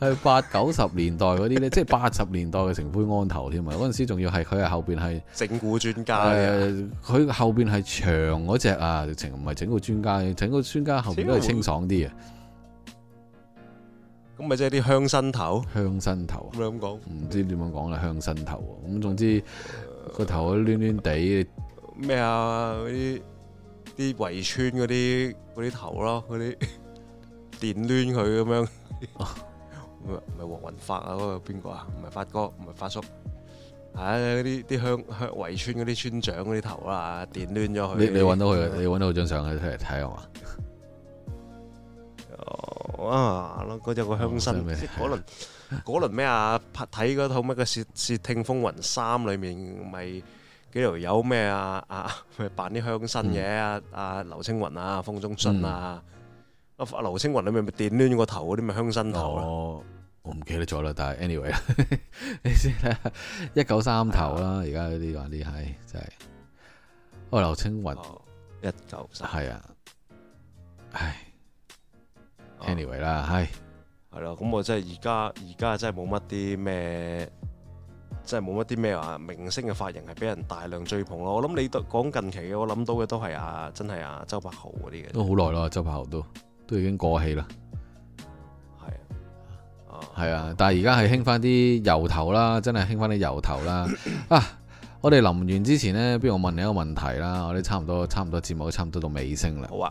係 八九十年代嗰啲咧，即係八十年代嘅成灰安頭添啊！嗰陣時仲要係佢係後邊係、呃呃呃、整蠱專家，係啊，佢後邊係長嗰隻啊，直情唔係整蠱專家。整蠱專家後邊都係清爽啲啊。咁咪即係啲鄉紳頭，鄉紳頭啊！咁樣講，唔知點樣講啦，鄉紳頭。咁總之個頭都攣攣地，咩 啊？啲啲圍村嗰啲嗰啲頭咯，嗰啲電攣佢咁樣。唔係唔係黃雲發啊？嗰個邊個啊？唔係發哥，唔係發叔。唉、啊，嗰啲啲鄉鄉圍村嗰啲村長嗰啲頭啦，電攣咗佢。你搵到佢、嗯，你搵到佢張相佢出睇嚟睇係嘛？ 啊，咯嗰隻個香身，嗰輪嗰輪咩啊？拍睇嗰套乜嘅《竊竊聽風雲三》裏面，咪幾條友咩啊？啊，咪扮啲香身嘢啊！啊，劉青雲啊，方中信啊，啊劉青雲裏面咪電攣咗個頭嗰啲咪香身頭咯。我唔記得咗啦，但係 anyway，你知啦，一九三頭啦，而家嗰啲話啲係真係，哦劉青雲一九三係啊，唉。Anyway 啦，啊，係係咯，咁我真係而家而家真係冇乜啲咩，真係冇乜啲咩話明星嘅髮型係俾人大量追捧咯。我諗你講近期嘅，我諗到嘅都係啊，真係啊，周柏豪嗰啲嘅。都好耐咯，周柏豪都都已經過氣啦。係啊，係啊，但係而家係興翻啲油頭啦，真係興翻啲油頭啦。啊， 啊我哋臨完之前呢，不如我問你一個問題啦。我哋差唔多，差唔多節目，差唔多到尾聲啦。好啊。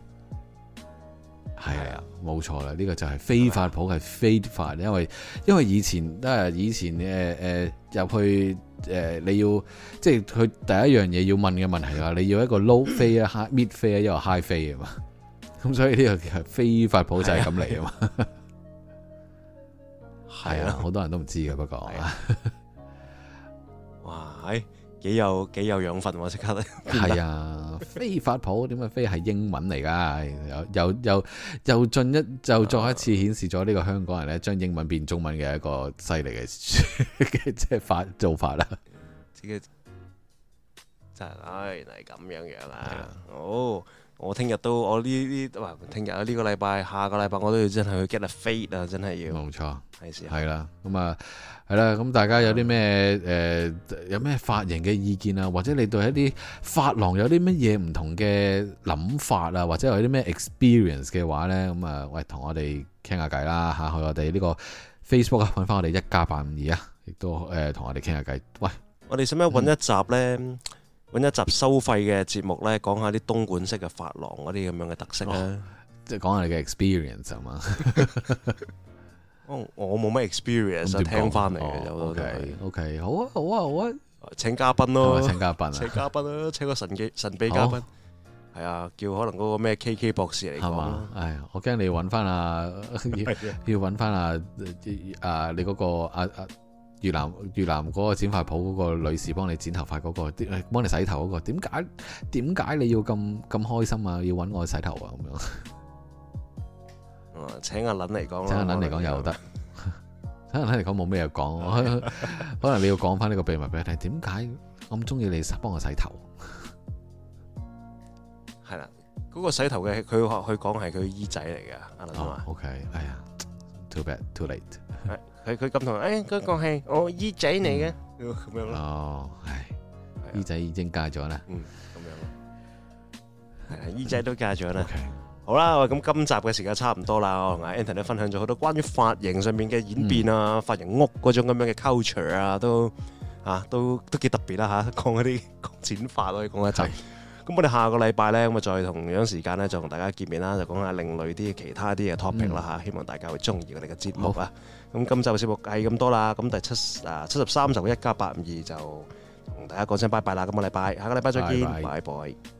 係啊，冇錯啦，呢、這個就係非法普，係、啊、非法普，因為因為以前都係、呃、以前誒誒、呃、入去誒、呃，你要即係佢第一樣嘢要問嘅問題啊，你要一個 low 飛啊 ，high mid 飛啊，一路 high 飛啊嘛，咁、嗯、所以呢個其實非法普就係咁嚟啊嘛，係啊，好、 啊啊、多人都唔知嘅，不過，哇！幾有幾有養分喎！即刻都係啊！ 非法譜點解非係英文嚟㗎？又又又又進一，就再一次顯示咗呢個香港人咧，將英文變中文嘅一個犀利嘅嘅即係法做法啦。真係，原來係咁樣樣啊！好。我聽日都我呢啲，唔係聽日啊！呢、呢個禮拜、下個禮拜，我都要真係去 get a fade 啊！真係要。冇錯。係時候。係啦，咁啊係啦，咁大家有啲咩誒有咩髮型嘅意見啊，或者你對一啲髮廊有啲乜嘢唔同嘅諗法啊，或者有啲咩 experience 嘅話咧，咁啊，喂，同我哋傾下偈啦嚇，去我哋呢個 Facebook 啊，揾翻、呃、我哋一家八五二啊，亦都誒同我哋傾下偈。喂，我哋使唔使揾一集咧？嗯揾一集收費嘅節目咧，講下啲東莞式嘅髮廊嗰啲咁樣嘅特色啊！即係、oh, 講下你嘅 experience 啊嘛。哦、 oh,，我冇咩 experience，聽翻嚟嘅就 OK。OK，,、oh, okay. 好啊，好啊，好啊！請嘉賓咯，oh, 請嘉賓啊，請嘉賓啊，請個神秘神秘嘉賓。係、oh. 啊，叫可能嗰個咩 KK 博士嚟講嘛。係我驚你揾翻啊， 要揾翻啊啊你嗰個啊啊。Uh, uh, uh, uh, uh, uh, uh, uh, 越南越南嗰個剪髮鋪嗰個女士幫你剪頭髮嗰個，幫你洗頭嗰個，點解點解你要咁咁開心啊？要揾我洗頭啊咁樣？哦、 嗯，請阿撚嚟講咯，請阿撚嚟講又得，請阿撚嚟講冇咩嘢講， 可能你要講翻呢個秘密俾你聽，點解咁中意你幫我洗頭？係 啦，嗰個洗頭嘅佢話佢講係佢姨仔嚟噶，阿撚啊，OK，哎呀 yeah.，too bad，too late。佢佢咁同，哎嗰個係我姨仔嚟嘅，咁樣咯。哦，係姨仔已經嫁咗啦。嗯，咁樣咯，係啊，姨仔都嫁咗啦。好啦，咁今集嘅時間差唔多啦，我同阿 Anton 都分享咗好多關於髮型上面嘅演變啊，髮型屋嗰種咁樣嘅 culture 啊，都啊都都幾特別啦吓，講一啲剪發都可以講一陣。咁我哋下個禮拜咧，咁啊再同樣時間咧，就同大家見面啦，就講下另類啲其他啲嘅 topic 啦吓，希望大家會中意我哋嘅節目啊。咁今集嘅節目係咁多啦，咁第七啊七十三集，一家八五二就同大家講聲拜拜啦。咁、今個禮拜下個禮拜再見，拜拜。